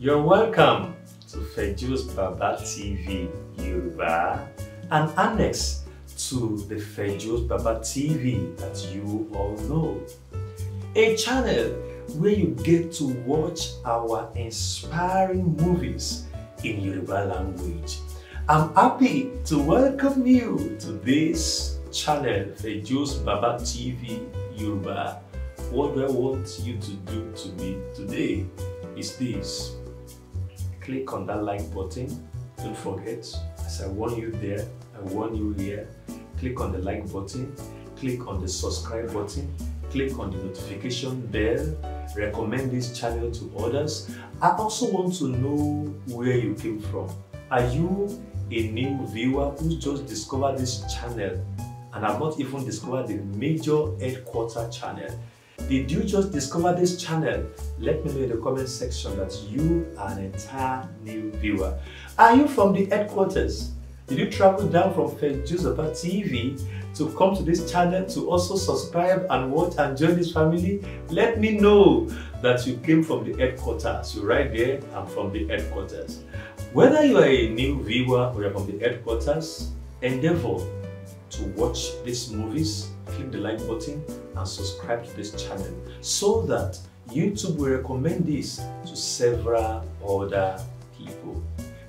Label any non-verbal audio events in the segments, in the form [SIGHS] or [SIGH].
You're welcome to Fejus Baba TV Yoruba, an annex to the Fejus Baba TV that you all know. A channel where you get to watch our inspiring movies in Yoruba language. I'm happy to welcome you to this channel, Fejus Baba TV Yoruba. What do I want you to do to me today is this click on that like button. Don't forget, as I warn you there, I warn you here, click on the like button, click on the subscribe button, click on the notification bell, recommend this channel to others. I also want to know where you came from. Are you a new viewer who just discovered this channel and have not even discovered the major headquarter channel? Did you just discover this channel? Let me know in the comment section that you are an entire new viewer. Are you from the headquarters? Did you travel down from Faith TV to come to this channel to also subscribe and watch and join this family? Let me know that you came from the headquarters. You're right there, I'm from the headquarters. Whether you are a new viewer or you're from the headquarters, endeavor to watch these movies click the like button and subscribe to this channel so that YouTube will recommend this to several other people.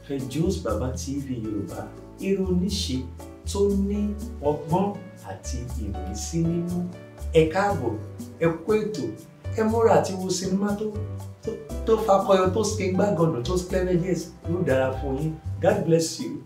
Fejosbaba Baba TV Yoruba. ìròyìn ṣe tó ní ọgbọ́n àti ìrísí nínú ẹ káàbọ̀ ẹ kú ètò wo cinema to to fakọyọ tó ṣe gbàgànà tó ṣe clever yes yóò dára fún yín God bless you.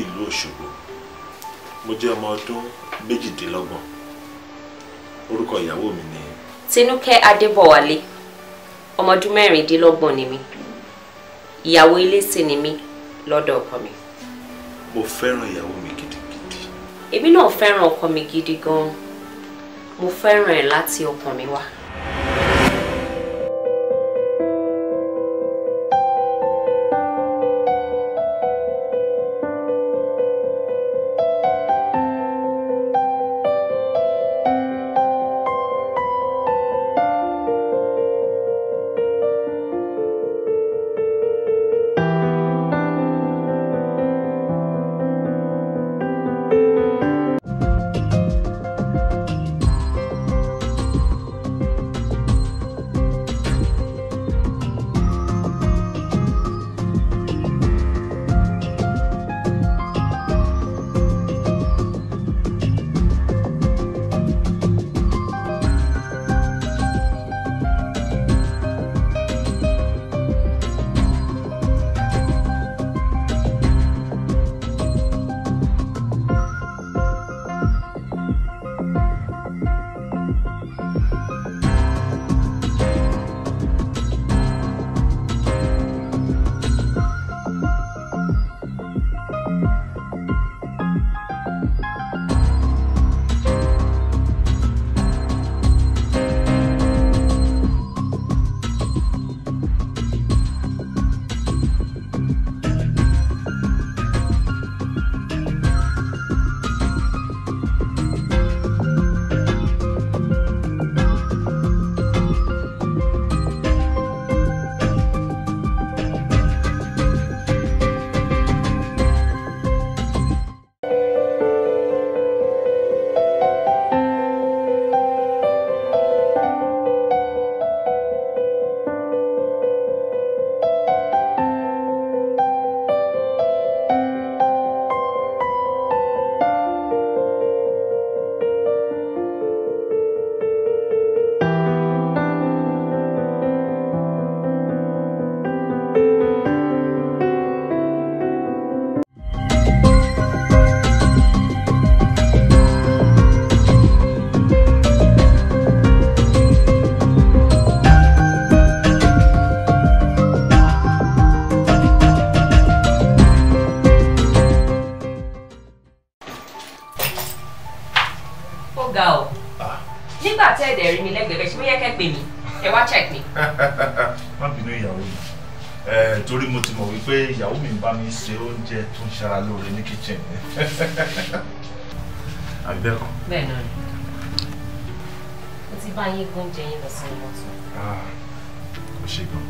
ìlú Òṣogbo mo jẹ́ ọmọ ọdún méjìdínlọ́gbọ̀n orúkọ ìyàwó mi ni. Tinúkẹ́ Adébọ̀wálé ọmọ ọdún mẹ́rìndínlọ́gbọ̀n ni mí ìyàwó ilé sì ni mí lọ́dọ̀ ọkọ mi. mo fẹ́ràn ìyàwó mi gidigidi. èmi náà fẹ́ràn ọkọ mi gidi gan-an mo fẹ́ràn ẹ̀ láti ọkàn mi wá. ṣara lóore ní kitchen àbí bẹ́ẹ̀ kọ́. bẹ́ẹ̀ náà ni mo ti bá yín gún jẹ yín lọ sí ọmọ tó. ó ṣe gan.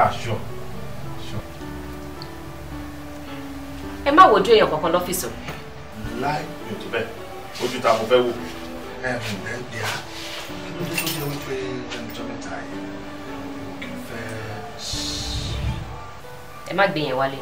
ah sure sure. ẹ má wojú èèyàn kankan lọ́fíìsì o. láì mi ò tó bẹ́ẹ̀ ojú ta mo fẹ́ wò. ẹ ǹ bẹ́ẹ̀ bí a. ẹ má gbìyànjú wálé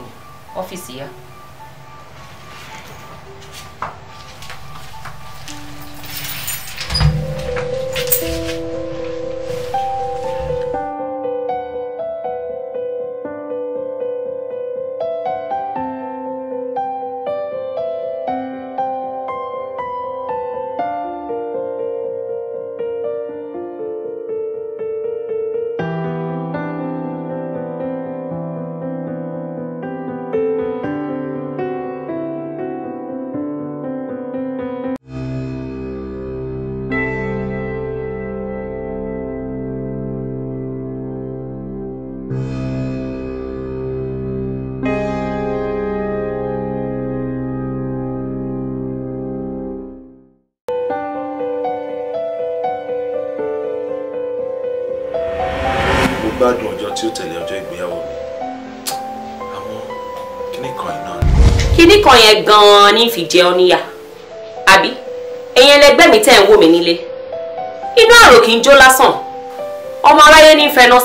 gan ni fi jẹ ọ níyà àbí ẹ̀yin ẹlẹgbẹ́ mi tẹ́ ń wò mí nílé inú àrò kì í jó lásán ọmọ aráyé ní fẹnà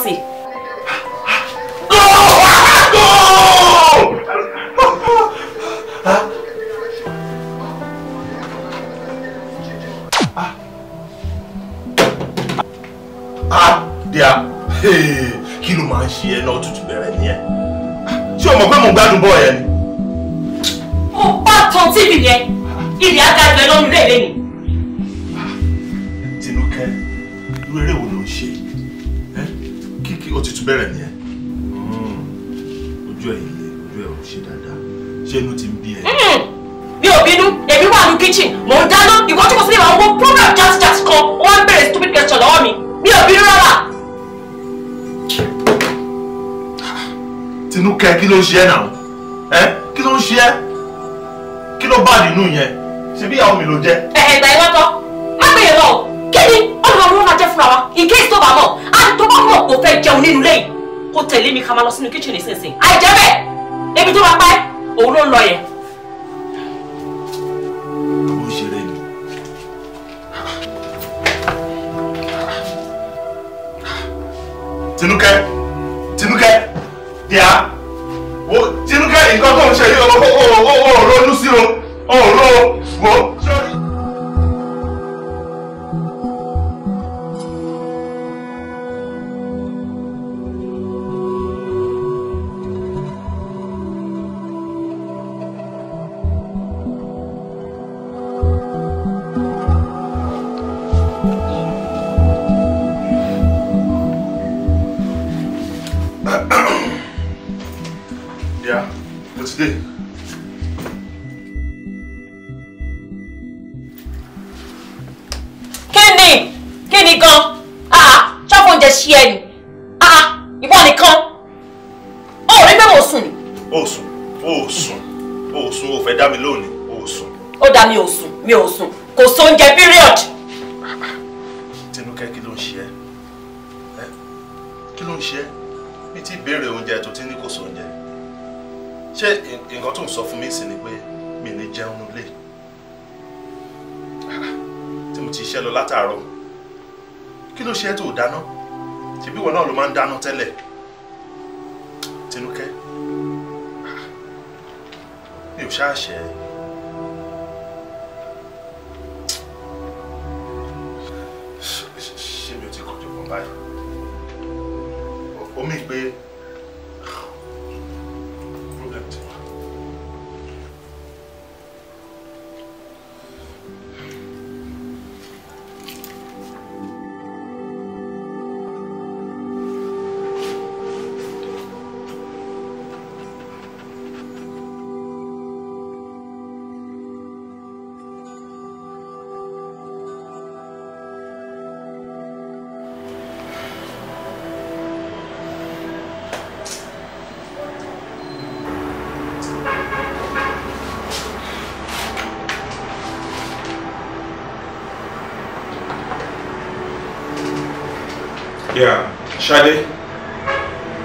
Shade,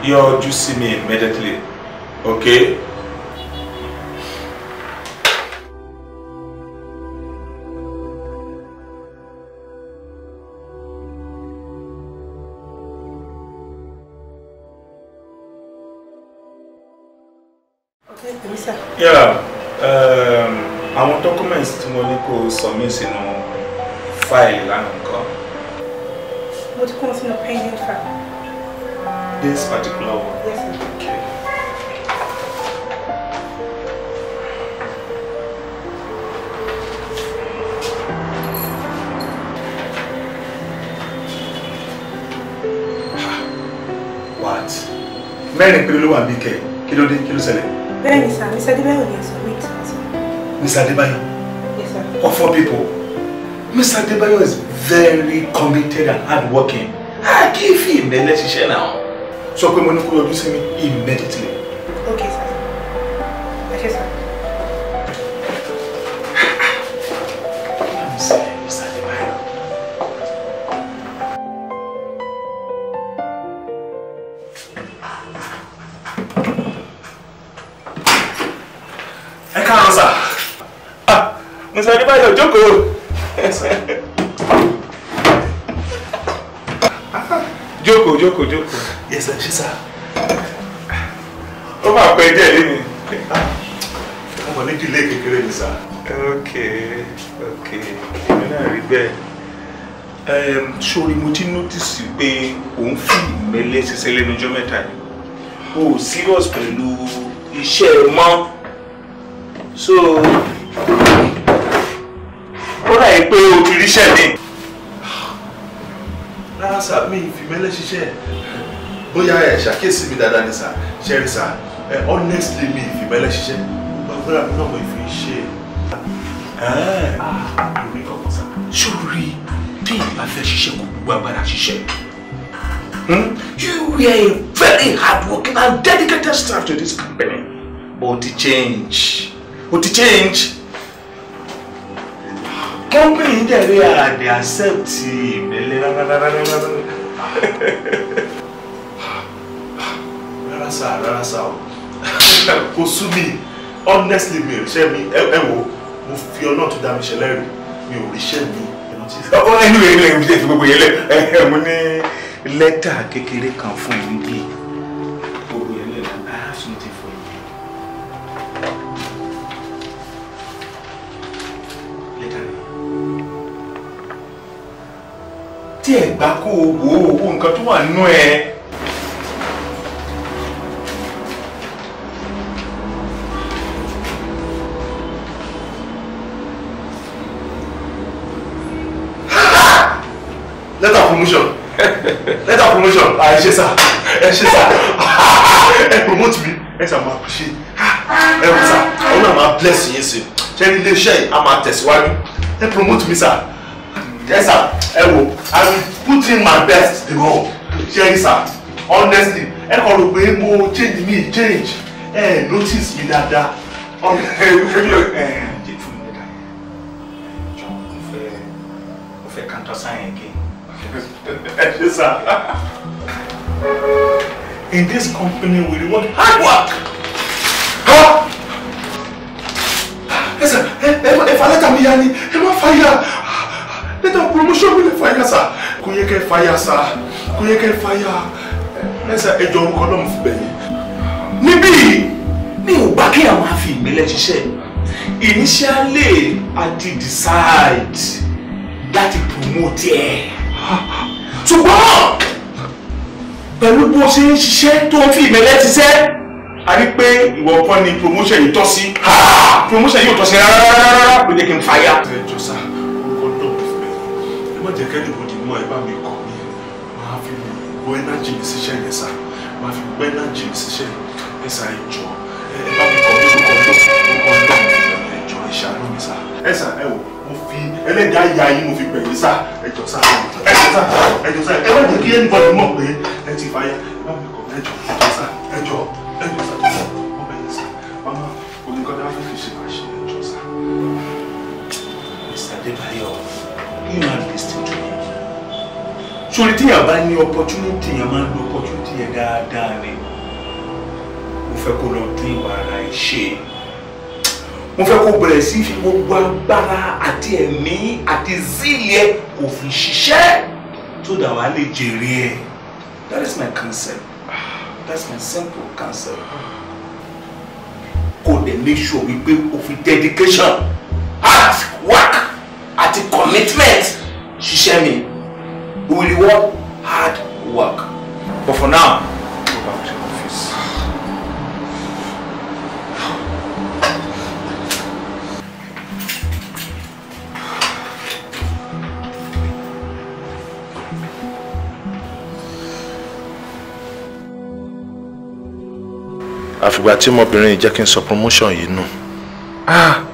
you juicy juicing me Mr. Adebayo. Yes, sir. Or four people. Mr. Adebayo is very committed and hardworking. I give him the necessary now. So, Kwemoniko, you're using me immediately. jókòó jókòó. yes sir ṣe sá. ó máa pẹ́ díẹ̀ lé mi. mo mọ̀ níbi ilé kékeré mi sá. ok ok èmi náà rí bẹ́ẹ̀. sori mo ti nọ́tìsì pé òun fi ìmẹ́lẹ́ ṣiṣẹ́ lẹ́nu ọjọ́ mẹ́ta yìí o ò serious pẹ̀lú iṣẹ́ ẹ mọ́ so ó dà pé o ti ríṣẹ́ mi sá mi ìfìmẹ́lẹ́ ṣiṣẹ́ bóyá ẹ ṣàkíyèsí mi dáadáa ni sá ṣẹ́rí sá ẹ honestly mi ìfìmẹ́lẹ́ ṣiṣẹ́ gbogbo mi náà mo ìfì ṣe lórí ọkàn sórí bí ìbá fẹ́ ṣiṣẹ́ kò gbogbo agbára ṣiṣẹ́ hmm? you were a very hard working and dedicated staff to this company but it change but it change company dẹ̀ rí àdè accept ìmẹ́lẹ́ rárá rárá rárá rárá sá rárá sá o kò mi honestly mi ò mi Ewo, wò mo fi ọ náà tó mi ṣe lẹ́rìí mi ò ríṣẹ́ mi ọ̀hún ẹni rẹ̀ ń lẹ́yìn fi gbogbo yẹn lẹ́ mo ní lẹ́tà kékeré kan fún ẹ̀ níbí. díẹ̀ gbá kó o wò ó wo nǹkan tó wà nínú ẹ. letter promotion [LAUGHS] letter of promotion ah, ẹ ṣe sá ẹ ṣe sá [LAUGHS] ẹ promote mi ẹ sá máa ṣe ẹ wò sá òun ah, náà ah. máa bless yín sí ṣé ilé iṣẹ́ yìí á máa tẹ̀síwájú ẹ promote mi sá yes sir ẹ wo i will put in my best gan ṣe rí sir honestly ẹ kàn rò pé mo change me change ẹ notice mi dáadáa ọ̀nà Okay. ẹ̀ fẹ́ kanta sáyẹn again. ẹ ṣe sá. In this company we reward hard work. ẹ sẹ ẹ ẹ fa lẹ́tà mi ya ni ẹ má fa ya mo ṣọ́bí lè fàyà sà kò yẹ kẹ́ fàyà sà kò yẹ kẹ́ fàyà ẹ̀sà ẹjọ́ orúkọ náà mo fi bẹ̀yẹ̀. níbí mi ò àwọn àfi ìgbélé ṣiṣẹ́ initially i did decide láti promote ẹ̀ ṣùgbọ́n pẹ̀lú bó ṣe ń ṣiṣẹ́ tó ń fi ìmẹ̀lẹ́ ti a rí pé ìwọ kọ́ ni promotion yìí tọ́ sí promotion yìí ò tọ́ sí rárá rárá rárá kò jẹ́ kí n fàyà. ẹ jọ sáà kẹ́nìbọ̀dì mọ́ ẹ bá mi kọ́ ni máa fi gbọ́ ẹ́nájì mi síṣẹ́ yẹn sá máa fi gbọ́ ẹ́nájì mi síṣẹ́ yẹn sá ìjọ ẹ bá mi kọ́ lórúkọ lórúkọ lọ́ọ̀ ìjọ ìṣàánú mi sá ẹ sá ẹ wò mo fi ẹlẹ́dàá ya yín mo fi pè yín sá ẹjọ sá ẹjọ sá ẹjọ sá ẹ má jẹ́ kí ẹnìbọ̀dì mọ̀ pé ẹ ti fàyà ẹ bá mi kọ́ ẹjọ ẹjọ sá ẹjọ. sórí téèyàn bá ní opportunity yẹn máa opportunity yẹn dáadáa ni mo fẹ́ kó lọ tún ìwà ara ẹ̀ mo fẹ́ kó bẹ̀rẹ̀ sí fi gbogbo agbára àti ẹ̀mí àti zíìlì ẹ̀ kò fi ṣiṣẹ́ tó dà wá lè jèrè ẹ̀ that is my concept that is my simple concept kò dẹ̀ make sure wípé o fi dedication hard work àti commitment ṣiṣẹ́ mi. We will reward hard work. But for now, go back to your office. àfìgbà tí ọmọbìnrin yìí jẹ́ kí n sọ promotion You know, Ah!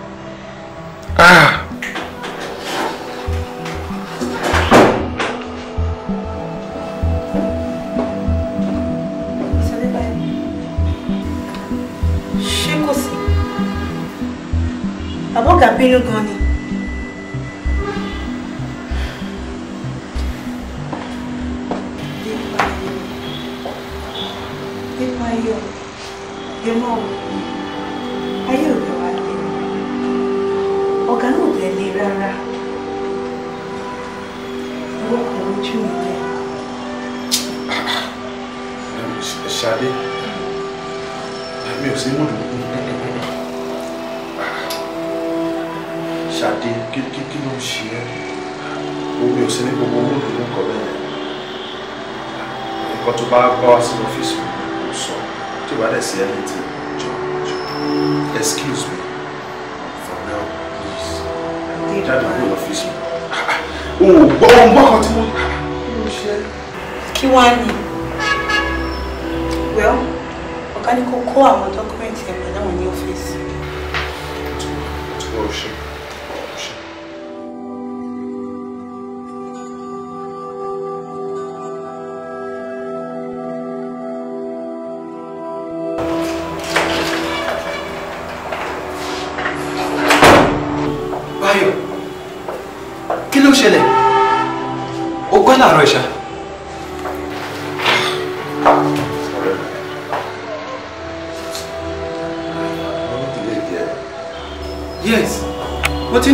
ojú mi lẹ. ṣadé mi ò sí mọ̀dún. ṣadé kí kí ló ń ṣe ẹ́ omi ò sí ní gbogbo mọ̀dún lọ́kọ̀ bẹ́ẹ̀ nǹkan tó bá bá wá sí ọ́fíìsì mi sọ tí ò bá dẹ̀ sí ẹni tí jọ jọ excuse me for now please jáde kúrò lọ́fíìsì mi. o oh ah, oh ah. ohun gbọ́ kan tí mo kí wọ́n ní well ọ̀gá ni kò kó àwọn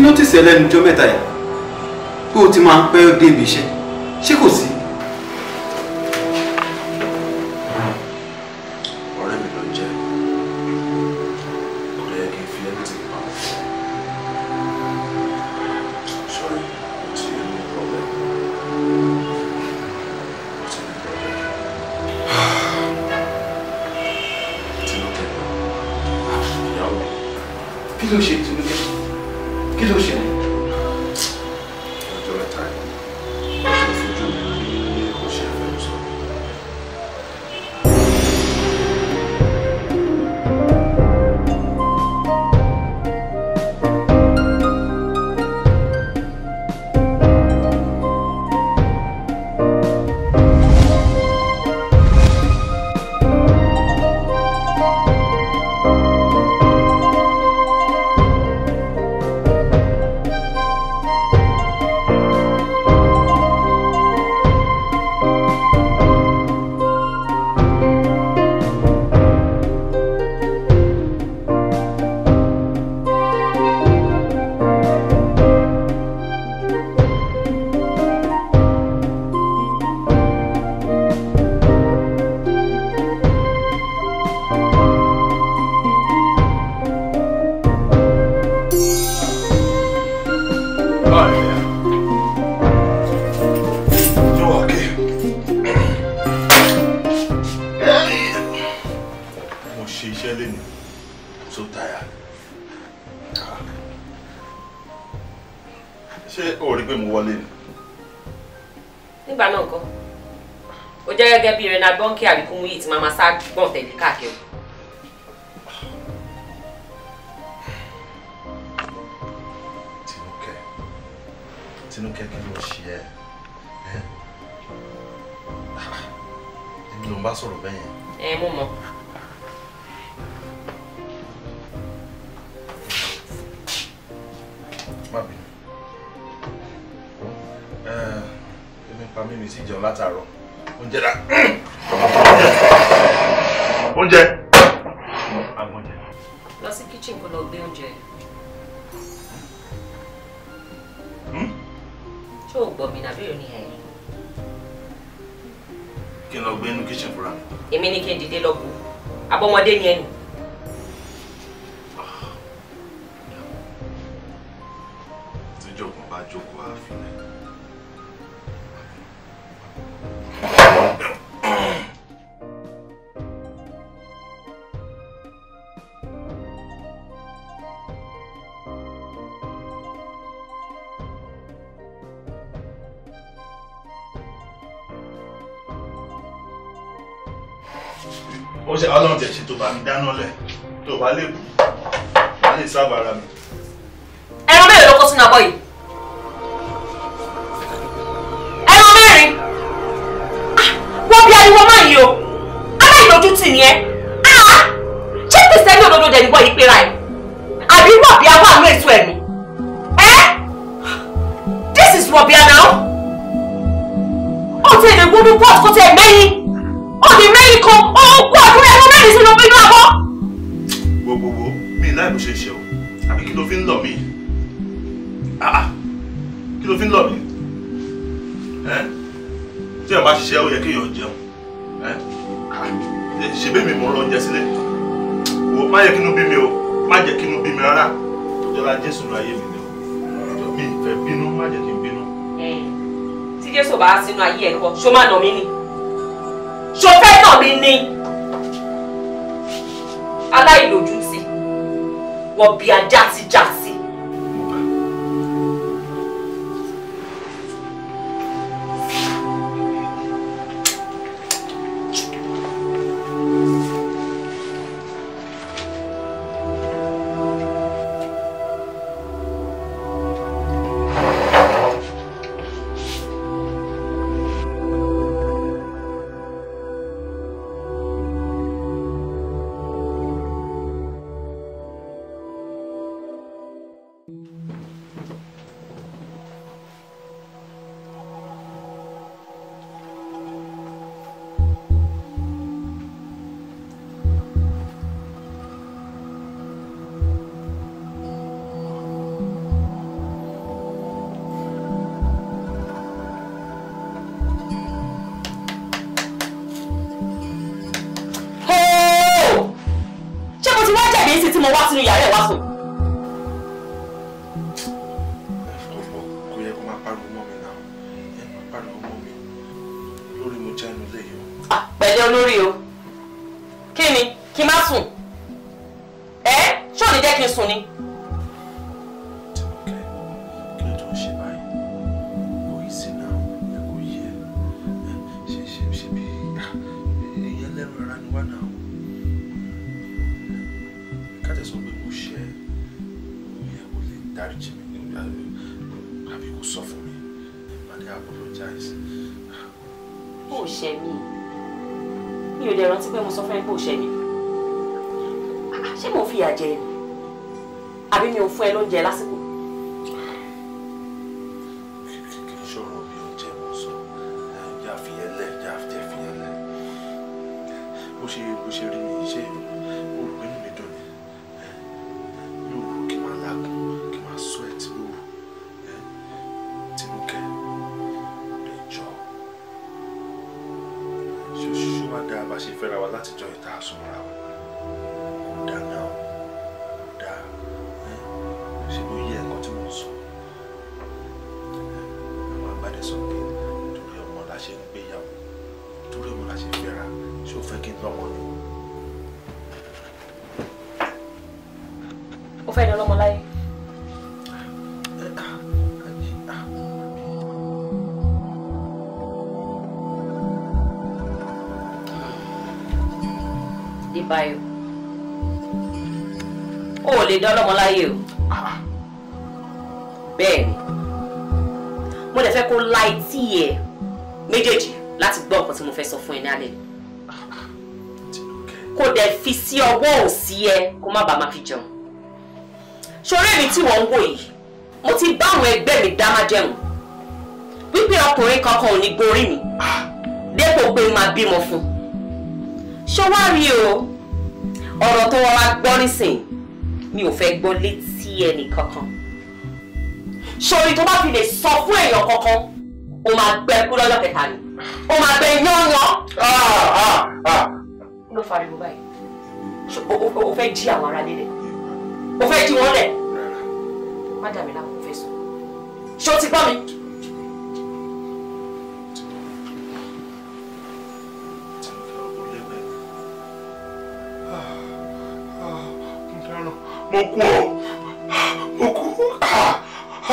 notice ẹlẹ́nu jọ mẹ́ta yìí pé o ti máa ń pẹ́ débi iṣẹ́ ṣé kò sí gẹ́gẹ́ bí rena gbọ́nkẹ́ àríkúmú yìí tí màmá sá gbọ̀n tẹ̀lé káàkiri. tinúkẹ́ tinúkẹ́ kí ló ṣe ẹ́ èmi ló ń bá sọ̀rọ̀ bẹ́yẹn. ẹ mú mọ. má bínú èmi pa mímí sí jẹun látàárọ̀ oúnjẹ dà [CLEARS THROAT] oúnjẹ. lọ sí kíchìn kó lọ gbé oúnjẹ. Hmm? ṣé o gbọ́ mi nàbí òní ẹ̀yìn. kí n lọ gbé inú kíchìn fúnra. èmi ni kí n dìde lọ bù abọ́mọdé ni ẹnu. Ah, jókòó bá jókòó. bá lè bù má sábà ara mi. ṣó má nà báyìí o ò lè dán ọlọ́mọ láyé o bẹ́ẹ̀ ni mo lè fẹ́ kó la etí ẹ méjèèjì láti gbọ́ nǹkan tí mo fẹ́ sọ fún ẹ ní alẹ́ kó dẹ̀ fi sí ọwọ́ òsì ẹ kó má bàa má fi jẹun ṣoré mi tí wọ́n ń wò yìí mo ti bá àwọn ẹgbẹ́ mi dá má jẹun wípé ọkùnrin kankan ò ní gorí mi dépò pé máa bímọ fún ṣọwárí o ọ̀rọ̀ tó wọ́n wá gbọ́ nísìn mi ò fẹ́ gbọ́ létí ẹnì kankan sori tó bá fi lè sọ fún èèyàn kankan ó máa gbẹ kú lọ́jọ́ kẹta ni ó máa gbẹ yányan. ló fariwo báyìí o fẹ́ jí àwọn ará lélẹ̀ o fẹ́ jí wọn lẹ̀ má dàmí láwọn ò fẹ́ sọ ṣé o ti gbọ́ mi. mo kú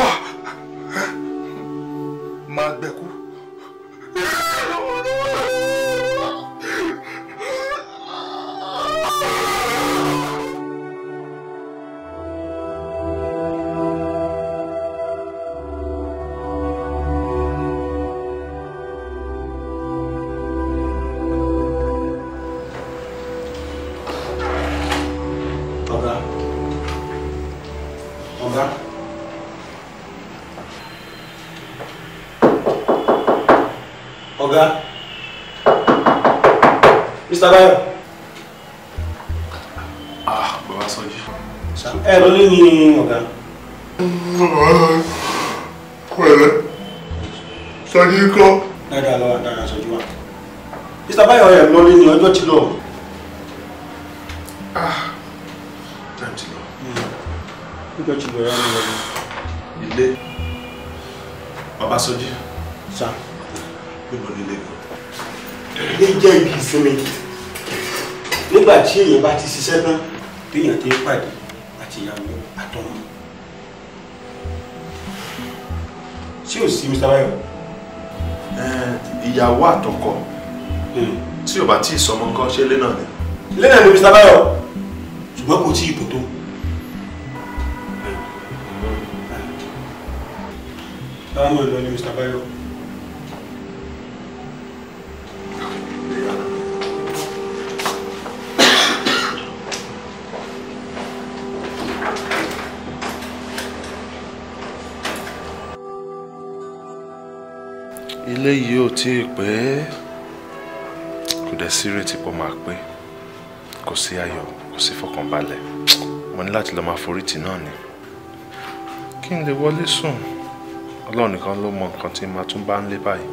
ọ mo kú. máa ní kọ́. dáadáa lọ dáadáa sọjú wa mr bayo ẹ lọ lé ní ọjọ́ tí lọ. Ah, time ti lọ. ọjọ́ hmm. tí lọ yára lọ. ilé bàbá sọjí. sá. gbẹ̀mọ̀ nílé kan. ilé jẹ́ ibi ìsinmi nígbà tí èèyàn bá ti ṣiṣẹ́ tán téèyàn ti ń pàdé àti ìyàwó àtọmọ. tí ò sí mr bayo ìyàwó àtọkọ hmm. tí ò bá tí ì sọmọ nǹkan ṣe lé náà ni. ilé náà ni Mr. Bayo ṣùgbọ́n kò tí ì bò tó. táwọn hmm. ọ̀dọ́ ni Mr. Bayo. tí ì pé kò dẹ̀ sí ìrètí pọ̀ máa pé kò sí ayọ̀ kò sí fọkànbalẹ̀ mo ní láti lọ́ọ́ máa forítì náà ni kí n lè wọlé sùn ọlọ́run nìkan ló mọ nǹkan tí màá tún bá ń lé báyìí.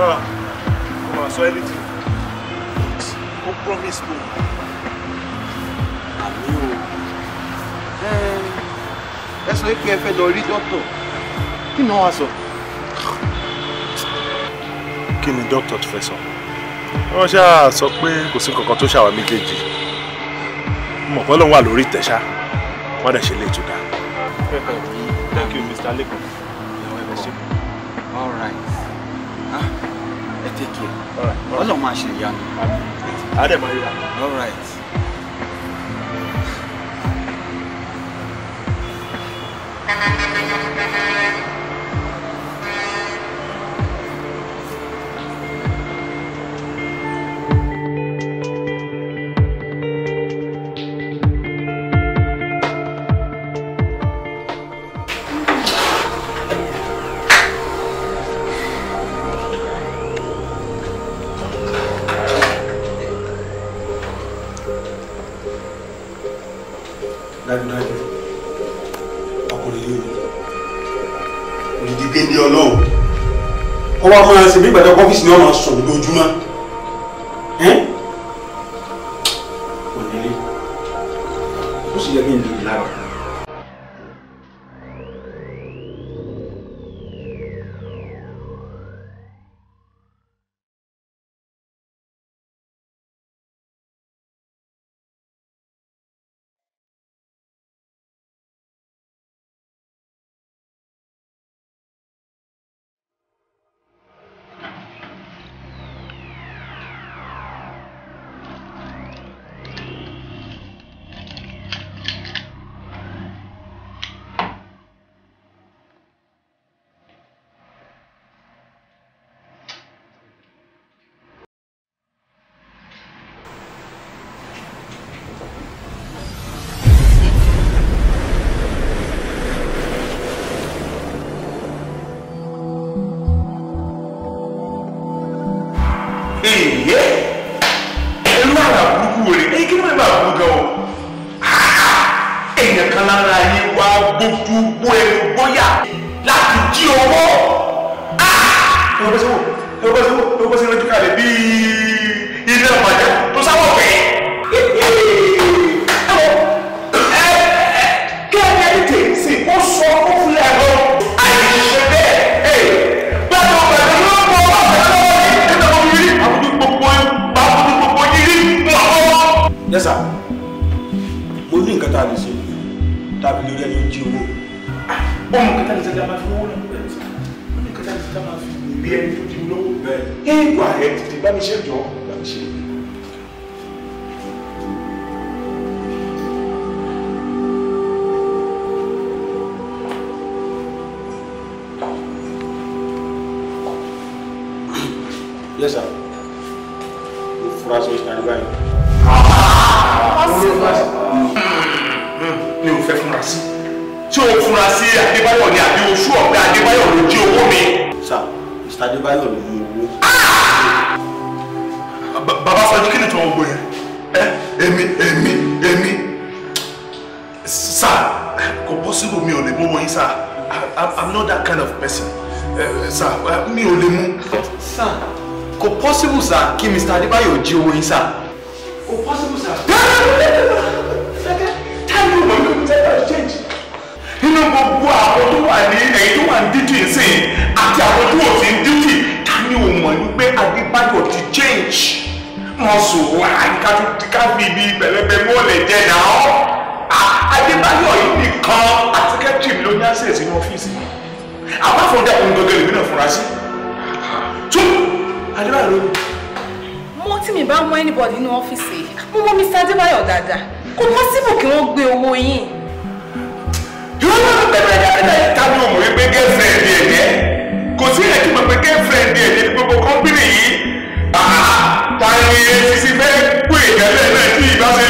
Ah, come on, so anything. Who promised me? sọ pé ẹ fẹ́ lọ rí dókítà kí ni wọ́n wá sọ. kí ni dókítà ti fẹ́ sọ wọ́n ṣáà sọ pé kò sí kankan tó ṣàwà méjèèjì mọ̀ pé Ọlọ́run wà lórí ìtẹ́ṣá wọ́n dẹ̀ ṣe lè tún dá. thank you mr lekan. all right ah, ẹ take care Ọlọ́run máa ṣe ìyanu. adé máa yíra. all right. நன்றி ṣe bí ìgbàdàn ọ́fíìsì ni wọ́n máa sùn lójúmọ́ ẹ̀rọ bó ṣe wò ẹ̀rọ bó ṣe wò ẹ̀rọ bó ṣe rẹjú kalẹ̀ bíi ilé ọ̀pàjẹ́ tó sáwọ́ bá mi ṣe jọ bá mi ṣe. yes sir mo fura sí ìsinmi báyìí. mi ò fẹ́ fura sí tí o fura sí Adébáyọ̀ ni àbí oṣù ọ̀gá Adébáyọ̀ ló jí owó mi. sir Mr. Adébáyọ̀ ló mú owó afọjú kí ni tí wọ́n gbọ́ Emi, Emi, Emi. èmi èmi possible mi ò lè mú wọn yín I, i'm not that kind of person sá mi ò lè mú. sá kò possible sá kí mr adébáyọ̀ jí owó yín sá kò possible sá. táyọ̀ mọ̀ ní ọjọ́ exchange nínú gbogbo àwọn tó wà ní ẹ̀yìn tó wà ní dídì ìsìn àti àwọn tó wọ̀ sí dídì táyọ̀ mọ̀ ní pé adébáyọ̀ ti change mọ̀sùn àyíkájú ibi pẹ̀lẹ́pẹ̀ mọ́ọ̀lẹ̀ jẹ́ náà adébáyọ̀ yìí nìkan àtikẹ́jì ló ní àṣẹ sínú ọ́fíìsì àbáfọ̀dà òun gẹ́gẹ́ lèmi náà fura sí tún adébáyọ̀ ló. mo tí mi bá mọ anybody nínú ọ́fíìsì mo mọ Mr. adébáyọ̀ dáadáa kò possible kí wọ́n gbé owó yín. yóò lọ bẹ̀rẹ̀ dáadáa ìtàbí ọmọ wípé girlfriend ẹ̀ yẹn kò sí ẹ̀kí mọ̀ pé girlfriend ẹ̀ yẹn gbogbo company ta ni etí kú ìkẹ́lẹ́ náà tí ìbá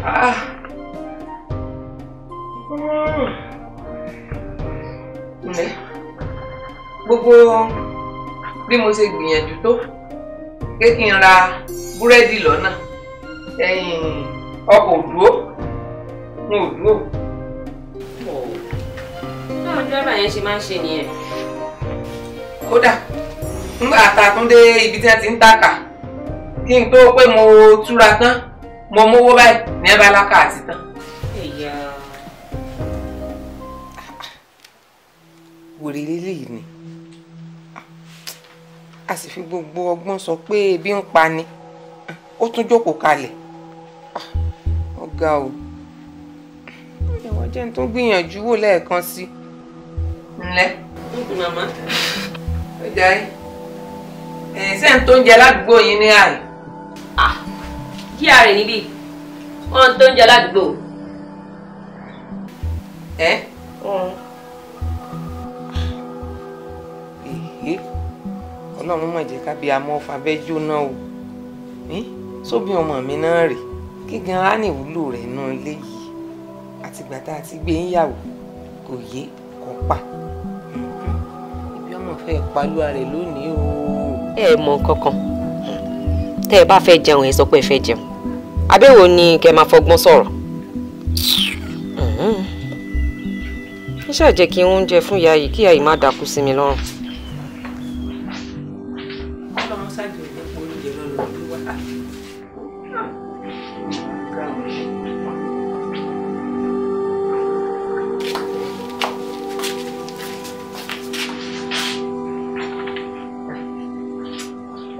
Ah. gbogbo bí mo ṣe gbìyànjú tó pé kí n ra búrẹ́dì lọ́nà ọkọ̀ òdúró n ò dúró. báwo dírẹ́bà yẹn ṣe máa ń ṣe nìyẹn. kódà nígbà tá a tún dé ibi tí wọ́n ti ń tàkà kí n tó pé mo túra tán mo mówó báyìí ní ẹ bá lákà àti tán. wèrè lélẹ́yìí ni a sì fi gbogbo ọgbọ́n sọ pé ebi ń pa ni ó tún jókòó kalẹ̀ ah, ọ̀gá o ẹ̀wọ̀n jẹ́ ní tó gbìyànjú wò lẹ́ẹ̀kan sí. ǹlẹ́ ǹkù màmá ó jẹ́ ẹ̀ ṣé ń tó ń jẹ ládùúgbò yín ní àyè. Ah, kí a rè níbí wọn tó ń jẹ ládùúgbò. ẹ. ọlọ́run má jẹ́ ká bí amọ́ fàbẹ́jọ́ náà o sóbí ọmọ mi náà rè kí gan á ní ìwúlò rẹ̀ nú ilé àtìgbà tá a ti gbé ń yàwó kò yé kò pa ibi ọmọ fẹ́ palúwa rẹ̀ lónìí o. ẹ mọ nǹkan kan tẹ ẹ bá fẹ́ jẹun ẹ sọ pé ẹ fẹ́ jẹun abẹ́wò ni kẹ́ máa fọgbọ́n sọ̀rọ̀ ń mm-hmm. ṣàjẹ́ kí oúnjẹ fún ìyá yìí kí ìyá yìí má dákú sí mi lọ́rùn.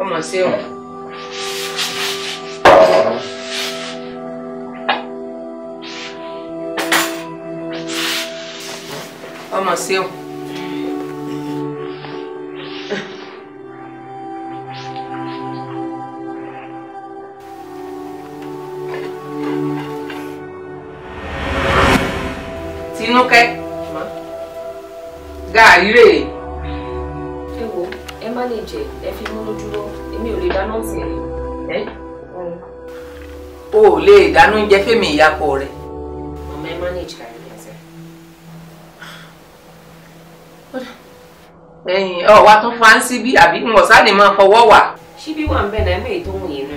Ọmọ sí ṣeun. tinúkẹ́ gàárì rè é. ẹ wo ẹ má lè jẹ ẹ fi múnú dúró èmi ò lè dáná sí i. o ò não dáná oúnjẹ fẹ́mi ìyàpọ̀ rẹ̀. ẹ̀yin ọ wa tún fa ń síbí àbí n ò lè máa fọwọ́ wà. tó ẹ̀.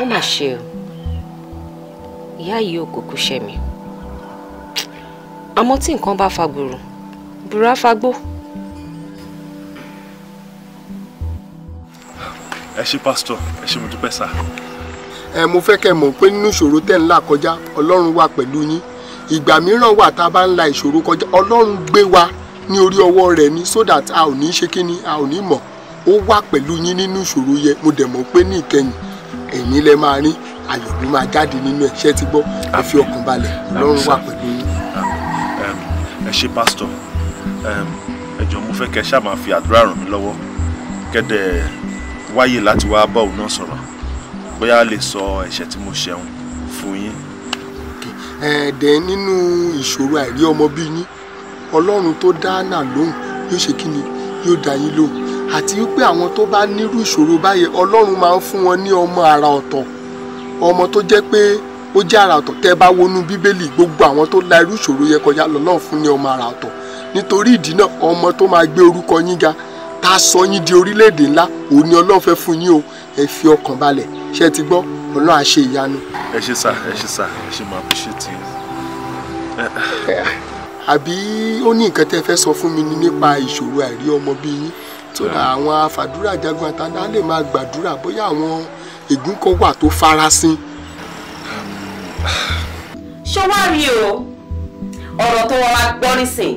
ó mà ṣe o ìyá yìí ò kúkú ṣe àmọ́ tí nǹkan bá fagbòrò bùrá fagbó. ẹ ṣe ẹ ṣe mo pé nínú ìṣòro ń là kọjá wà ìgbà mìíràn wà tá a bá ń la ìṣòro kọjá ọlọ́run gbé wa ní orí ọwọ́ rẹ̀ ni so that a ò ní ṣe kíni a ò ní mọ̀ ó wà pẹ̀lú yín nínú ìṣòro yẹ mo dẹ̀ mọ̀ pé ní ìkẹyìn ẹ̀yin lẹ máa rí ayọ̀ ló máa jáde nínú ẹ̀ ṣẹ́ ti gbọ́ ẹ fi ọkàn balẹ̀ ọlọ́run wà pẹ̀lú yín. ẹ ṣe pásítọ̀ ẹ jọ̀ọ́ mo fẹ́ kẹ́ ṣáà máa fi àdúrà ràn mí lọ́wọ́ kẹ́dẹ̀ wáyè láti wá bá òun náà sọ̀rọ̀ bóyá a lè sọ ẹ̀ṣẹ̀ tí mo ṣẹun fún yín ẹ̀ẹ́dẹ̀ nínú ìṣòro àìrí ọmọ bí yín ọlọ́run tó dá náà lóhùn yóò ṣe kí ni yóò dá yín lóhùn àti wípé àwọn tó bá nírú ìṣòro báyẹn ọlọ́run máa ń fún wọn ní ọmọ àrà ọ̀tọ̀ ọmọ tó jẹ́ pé ó jẹ́ àrà ọ̀tọ̀ tẹ́ bá wọnú bíbélì gbogbo àwọn tó la irú ìṣòro yẹn kọjá lọ́lọ́run fún ní ọmọ àrà ọ̀tọ̀ nítorí ìdí náà ọmọ tó máa gbé orúkọ yín ga tá a sọ yín di orílẹ̀-èdè ńlá òun ni ọlọ́run fẹ́ fún yín o ẹ fi ọkàn balẹ̀ ṣe ti gbọ́ ọlọ́run á ṣe ìyanu. ẹ ṣe sá ẹ ṣe sá ẹ ṣe máa ṣe tì í. àbí ó ní nǹkan tẹ́ fẹ́ sọ fún mi nípa ìṣòro àìrí ọmọ bí yín tó dà àwọn afàdúrà jagun àtàndá lè máa gbàdúrà bóyá àwọn ègún kan wà tó farasin. ṣé wàá rí o ọ̀rọ̀ tó wọ́n wá gbọ́ nísìn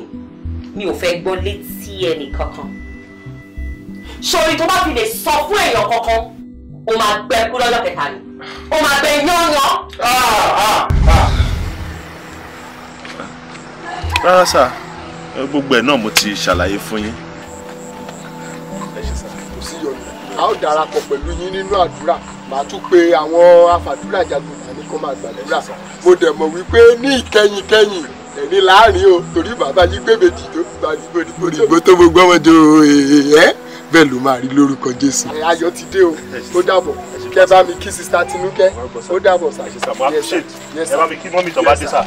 mi ò fẹ́ gbọ́ létí ẹnì kankan sori tó bá fi lè sọ fún èèyàn kankan o máa gbẹ kú lọ́jọ́ kẹta ni o máa gbẹ yányan. rárá sà gbogbo ẹ̀ náà mo ti ṣàlàyé fún yín. kò sí yọ̀nù a ó darapọ̀ pẹ̀lú yín nínú àdúrà màá tún pe àwọn afàdúrà jagun tàbí kó máa gbàdúrà mo dẹ̀ mọ̀ wípé ní ìkẹyìn kẹyìn ẹni láàrin o torí bàbá yín gbèbè dìjọ gbàdúgbò dìbò tó gbogbo ọmọdé eh, eh, eh, ẹ bẹ́ẹ̀ ló máa rí lórúkọ jésù. ayọ̀ ti dé o ó dàbọ̀ kẹ bá mi kí sista tinúkẹ́ ó dàbọ̀ sà. ẹ bá mi kí mọ́mí tó bá dé sà.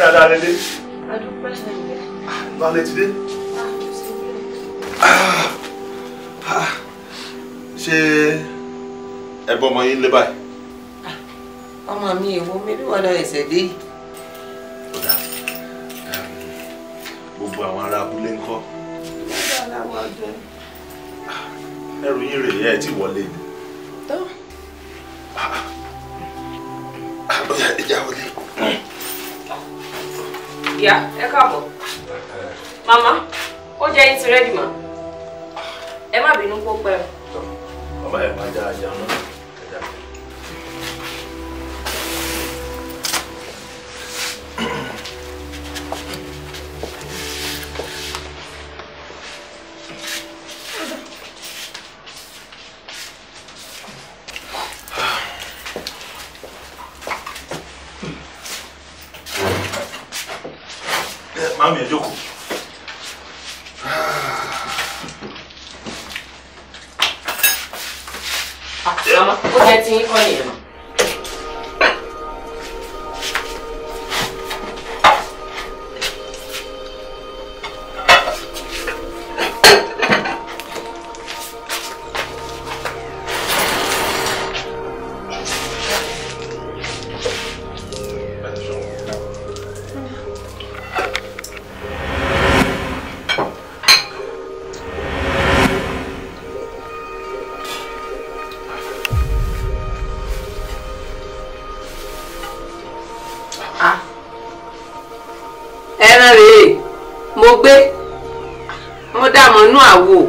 dáadáa lélẹ̀. adúpẹ́ ẹ̀yẹ. balẹ̀ ti dé. ṣé ẹ Ah, ọmọ yín lé báyìí. ọmọ mi èwo mẹ́bí wọ́n dá ẹsẹ̀ dé yìí. ó dà gbogbo àwọn ará abúlé ńkọ́. ẹrù yín rèé ẹ ti wọlé ni. tó. Ah, ah, ah, àbúyá ẹja wọlé. Ìyá, ẹ káàbọ̀. Màmá, ó jẹ́ yín ti rẹ́dì mọ́. Ẹ má bínú kó pẹ́ o. Màmá ẹ̀ máa já ajá náà. àwò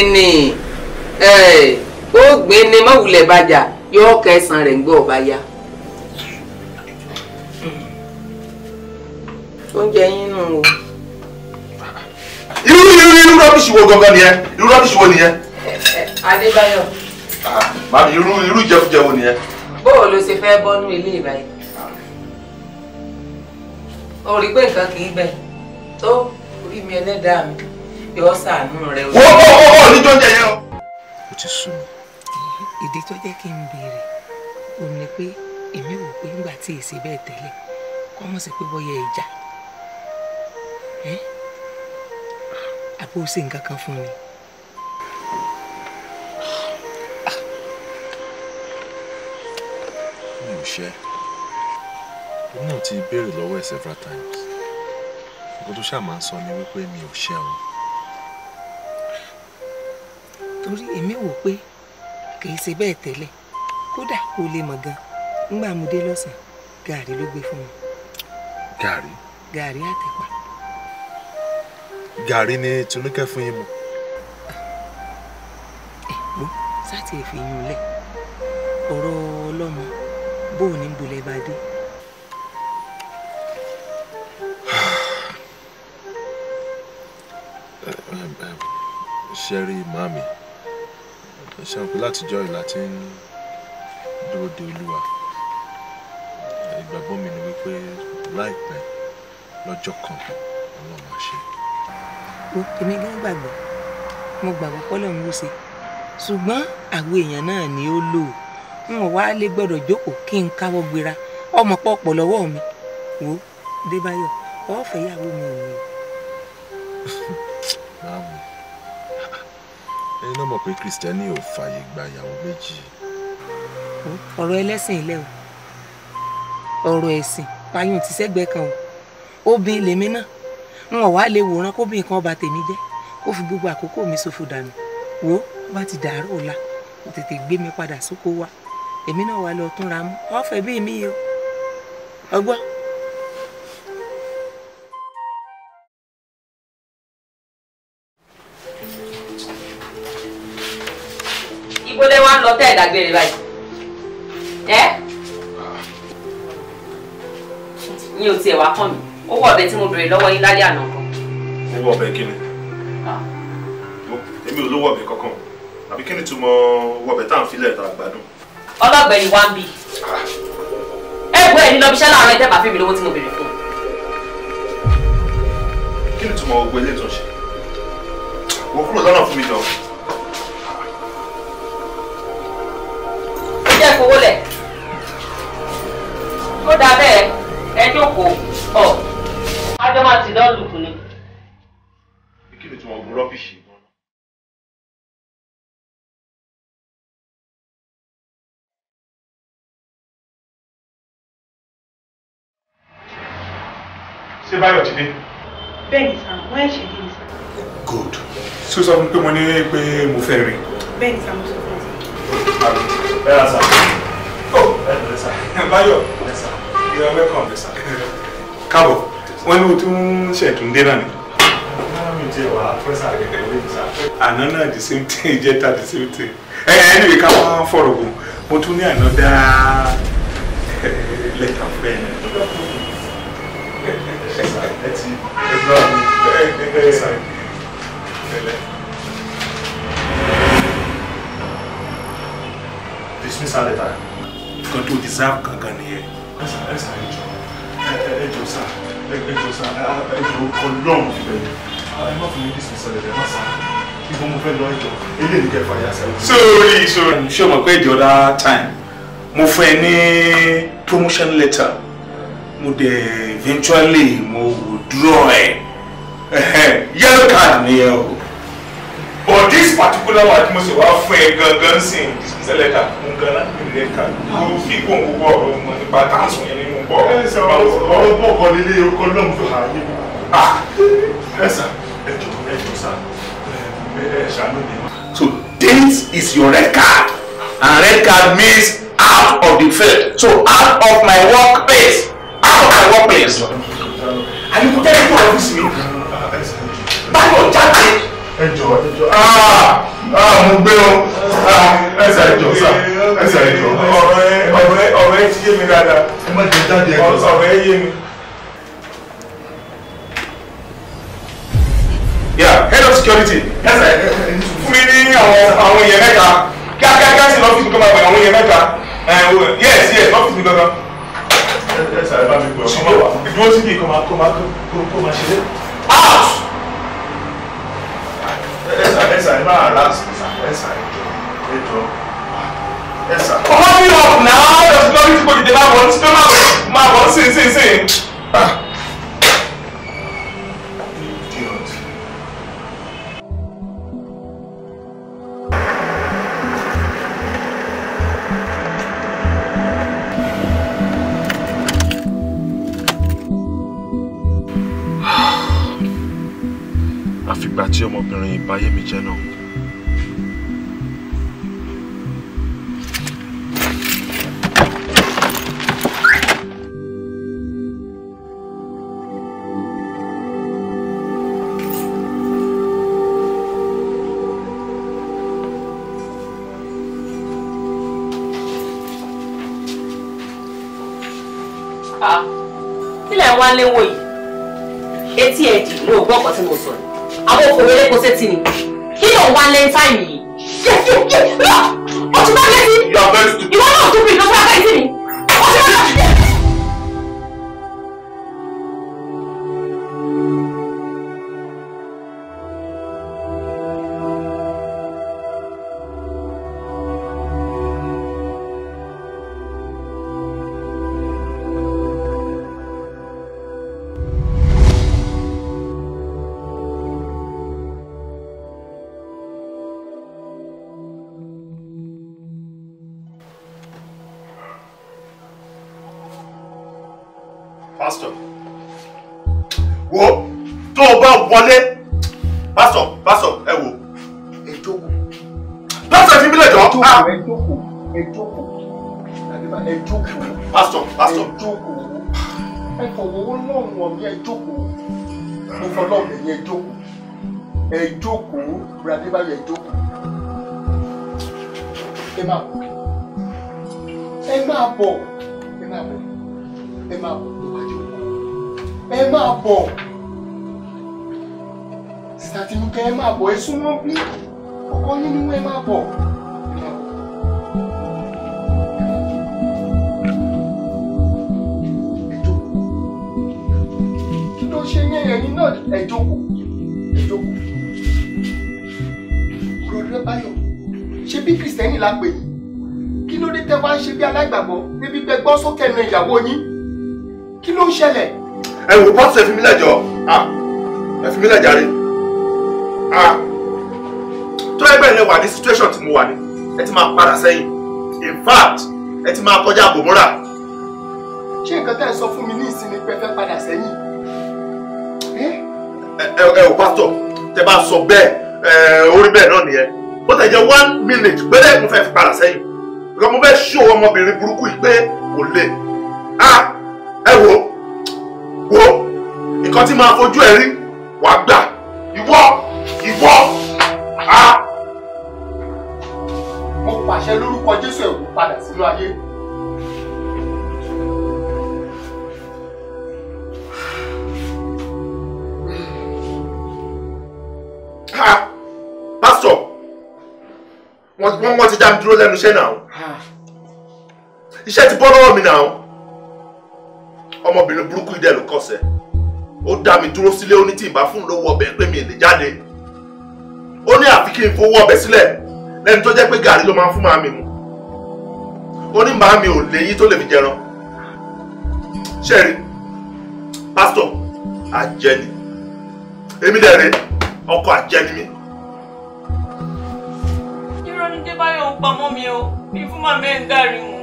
gbin ni ni mọ̀wùlẹ̀ yóò kẹsàn rẹ̀ gbọ́ ọba ya. oúnjẹ yín nù o. irú irú irú rọ́bìṣì wo gangan nìyẹn irú rọ́bìṣì wo nìyẹn. iru ah, màmí irú irú ìjẹkújẹ nìyẹn. bóò ló ṣe fẹ́ bọ́nú ilé ìbáyìí. o ah. rí pé nǹkan kì í bẹ̀ tó orí mi yọ sàánú rẹ. wọ́n bọ́ bọ́ bọ́ níjọ́ jẹ yẹn o. ó ti sùn ìdí tó jẹ́ kí n béèrè òun ni pé èmi wò pé nígbà tí èsì bẹ́ẹ̀ tẹ́lẹ̀ kọ́ mọ̀ sí pé bọ́yẹ ìjà àbó ṣe nǹkan kan fún mi. mi ò ṣe òun náà ti béèrè lọ́wọ́ ẹ̀ several times nǹkan tó ṣáà máa ń sọ ni wípé mi ò ṣe òun torí èmi wò pé kì í ṣe bẹ́ẹ̀ tẹ́lẹ̀ kódà kò lè mọ̀ gan ńgbà mo dé lọ́sàn-án gàrí ló gbé fún mi. gàrí. gàrí àtẹ̀pà. gàrí ni Tinúkẹ́ fún yín mu. ẹ̀gbọ́n sátì èfi yún lẹ̀ ọ̀rọ̀ ọlọ́mọ bóun ní bolẹ̀ bá dé. [SIGHS] ṣẹ́rí màmí ẹ ṣeun pé látijọ́ ìlà ti ń dúró de olúwa ìgbàgbọ́ mi ni wípé láìpẹ́ lọ́jọ́ kan ọlọ́run á ṣe. o èmi gan gbàgbọ́ mo gbàgbọ́ pọ́lọ́ ń ṣe ṣùgbọ́n àwọn èèyàn náà ni ó lò ó wọn wá lè gbọ́dọ̀ jókòó kí n káwọ́ gbéra ọmọ pọ̀ lọ́wọ́ mi wò ó Débáyọ̀ ọ̀fẹ́ ìyàwó mi ò ní. [LAUGHS] ẹ̀yin náà mọ̀ pé kristẹni ò fààyè gba ìyàwó méjì. ọ̀rọ̀ ẹlẹ́sìn ilé o ọ̀rọ̀ ẹ̀sìn payún ti sẹ́gbẹ̀ẹ́ kan o obìnrin lèmi náà n ò wá lè wòran kóbìnrin kan bà tèmi jẹ́ kó fi gbogbo àkókò mi ṣòfò dànù wò ó bá ti dàárọ̀ ọ̀la kò tètè gbé mi padà sóko wa èmi náà wà lọ túnra mú ọ̀fẹ́ bíi mi o ọgbọ́n. ibo lẹ wá ń lọ tẹ́ ìdágbére báyìí ẹ́ yín o tiẹ̀ wá kàn mí owó ọ̀bẹ tí mo béèrè lọ́wọ́ yín lálẹ́ àná kan. owó ọ̀bẹ kí ni ah. èmi ò lówó ọ̀bẹ kankan àbí kí ni túmọ̀ owó ọ̀bẹ tá à ń filẹ̀ tá a gbádùn. ọlọ́gbẹ̀ni wá ń bì ah. ẹ gbọ́ ẹni lọ́bi iṣẹ́ láàárọ̀ ìtẹ́bà fún mi lówó tí mo béèrè fún un. kí ni túmọ̀ gbogbo ilé ìtúnṣe wọ́n kúrò lọ́nà fún mi jọ. ẹ fowó lẹ̀ ó dáa bẹ́ẹ̀ ẹ jókòó ọ̀ ajọ́ máa ti dọ́ọ̀lù kù ni. kí ni tí wọ́n gun rọ́bìṣì gan. ṣé báyọ̀ ti dé. bẹ́ẹ̀ni sá wọ́n ẹ̀ ṣe dé ní sá. good ṣé o sọ fún mi pé mo ní pé mo fẹ́ rìn. bẹ́ẹ̀ni sá mo sọ fún mi ẹ ra sá oh ẹ lọ sá báyọ̀ ẹ sá you are welcome sá. káàbọ̀ wọ́n ní o tún ṣètúndé náà ni. àná náà the same thing ìjẹta the same thing Anyway, come on, follow me. ẹ ẹ níbi ká wọ́n fọ̀rọ̀ gùn mo tún ní àná dáa lẹ́tà fún ẹ náà. dismissal letter. nǹkan tó deserve gangan nìyẹn. ẹ sà ẹ sà ẹ jọ ẹ jọ sà ẹ jọ sà ẹ jọ kọ lọ́ọ̀mù ìbẹ̀yẹ ẹ má fún mi dismissal letter má sà ibo mo fẹ́ lọ ẹ jọ eléyìí kẹfà yà sà. sórí sórí ṣé o mọ̀ pé ìjọba time mo fún ẹ ní promotion letter mo dẹ̀ eventually mo draw it. [LAUGHS] yellow card nìyẹn but this particular one tí mo sì wá fún ẹ gangan sí sẹlẹta ń ganan ìrẹ ká ló fi gbòǹgbò wọ ọ̀rọ̀ mọ nípa táàsùn yẹn nínú bọ. ẹ sọ ọ̀rọ̀ bọ ọkọ lílé ọkọ náà ń fi hàn yín. Ah! ẹ sà ẹ jọ ẹ jọ sà ẹ ṣàánú mi. so this is your red card and red card means out of the field so out of my workplace out of my workplace. me jẹ́ ipò ọ̀fíìsì mi ah, báyọ̀ jáde ẹjọ ẹjọ aa ah! ah, mo gbé o ẹsẹ ah, ẹjọ sá ẹsẹ ẹjọ. ọ̀rẹ́ ọ̀rẹ́ ọ̀rẹ́ ti yé mi dáadáa. ẹ má jẹ jáde ẹjọ sá ọ̀rẹ́ yé mi. yeah head of security fún mi ní àwọn àwọn èèyàn mẹ́ta kíákíákíá sí lọ́fíìsì mi kọ́ máa gbà àwọn èèyàn mẹ́ta yes yes lọ́fíìsì mi gangan. ẹ ẹ sàrẹ́ bá mi gbọ́. ṣùgbọ́n ìdúró sí kí kò máa kó máa kó máa ṣe é. out sir ẹ up now. There's nothing to go. ẹ jọ ẹ jọ ẹ sir. ọmọ mi ọ̀ náà ọ̀dọ̀ tí lórí tí mi jẹ náà. Ah, wá léwò yìí etí ẹ̀dì ló gbọ́ ọ̀pọ̀ tí mo sọ ni àwọn òfòwéré kò sétí ni kí ló wá lẹ́ńtà yìí. ọtún bá bẹ́ẹ̀ sí. ìwọ náà tún bí ìdọ́sọ́ abẹ́ ìsìn mi. ẹ̀yin ẹ jókòó ẹ jókòó bùrọ̀ adébáyọ̀ ẹ ẹ máa bọ̀ ẹ máa bọ̀ ẹ máa bọ̀ ẹ máa bọ̀ ẹ máa bọ̀ sàtìmùkẹ́ ẹ máa bọ̀ ẹ súnmọ́ bí ọkọ nínú ẹ máa bọ̀. náà ẹ jókòó ẹ jókòó ròdúró báyọ̀ ṣé bí kìrìsìtẹ́nì la pè yìí kí ló dé tẹ́ wá ń ṣe bí aláìgbàgbọ́ níbi pé gbọ́ sókè na ìyàwó yín kí ló ń ṣẹlẹ̀. ẹ wò bọ́ọ̀sì ẹ fi mí lẹ́jọ́ ẹ fi mí lẹ́jà rẹ̀ tó ẹgbẹ́ ilẹ̀ wà ní situation tí mo wà ní ẹ ti máa padà sẹ́yìn in fact ẹ ti máa kọjá àbòmúra. ṣé nǹkan tẹ́ ẹ sọ fún mi ní ìsinmi pé fẹ́ padà sẹ́yìn ẹ ẹ pásítọ̀ tẹ bá sọ bẹ́ẹ̀ ẹ eh, orí bẹ́ẹ̀ náà nìyẹn ó tẹ̀ jẹ́ one minute péré mo fẹ́ fi padà sẹ́yìn because mo fẹ́ ṣó ọmọbìnrin burúkú yìí pé kò lè ah ẹ wo wo nǹkan tí máa fojú ẹ rí wàá gbà ìwọ ìwọ ah. mo pàṣẹ lórúkọ Jésù ẹ̀ wò padà sínú ayé. wọ́n wọ́n ti dá mi dúró lẹ́nu iṣẹ́ náà iṣẹ́ ti bọ́ lọ́wọ́ mi náà ọmọbìnrin burúkú idẹ ló kọsẹ̀ ó dá mi dúró sílé ó ní tí ìbá fún lówó ọbẹ̀ pé mi lè jáde ó ní àfi kí n fowó ọbẹ̀ sílẹ̀ lẹ́ni tó jẹ́ pé gàrí ló máa fún màámi mu ó ní màámi ò léyìn tó lè fi jẹran ṣẹ́ẹ̀rí pásítọ̀ àjẹni èmi dẹ̀ rè ọkọ àjẹni mi. Bánújẹ́ báyọ̀ ń pamọ́ mi o mi fún màmí ẹ̀ ń gàrí mu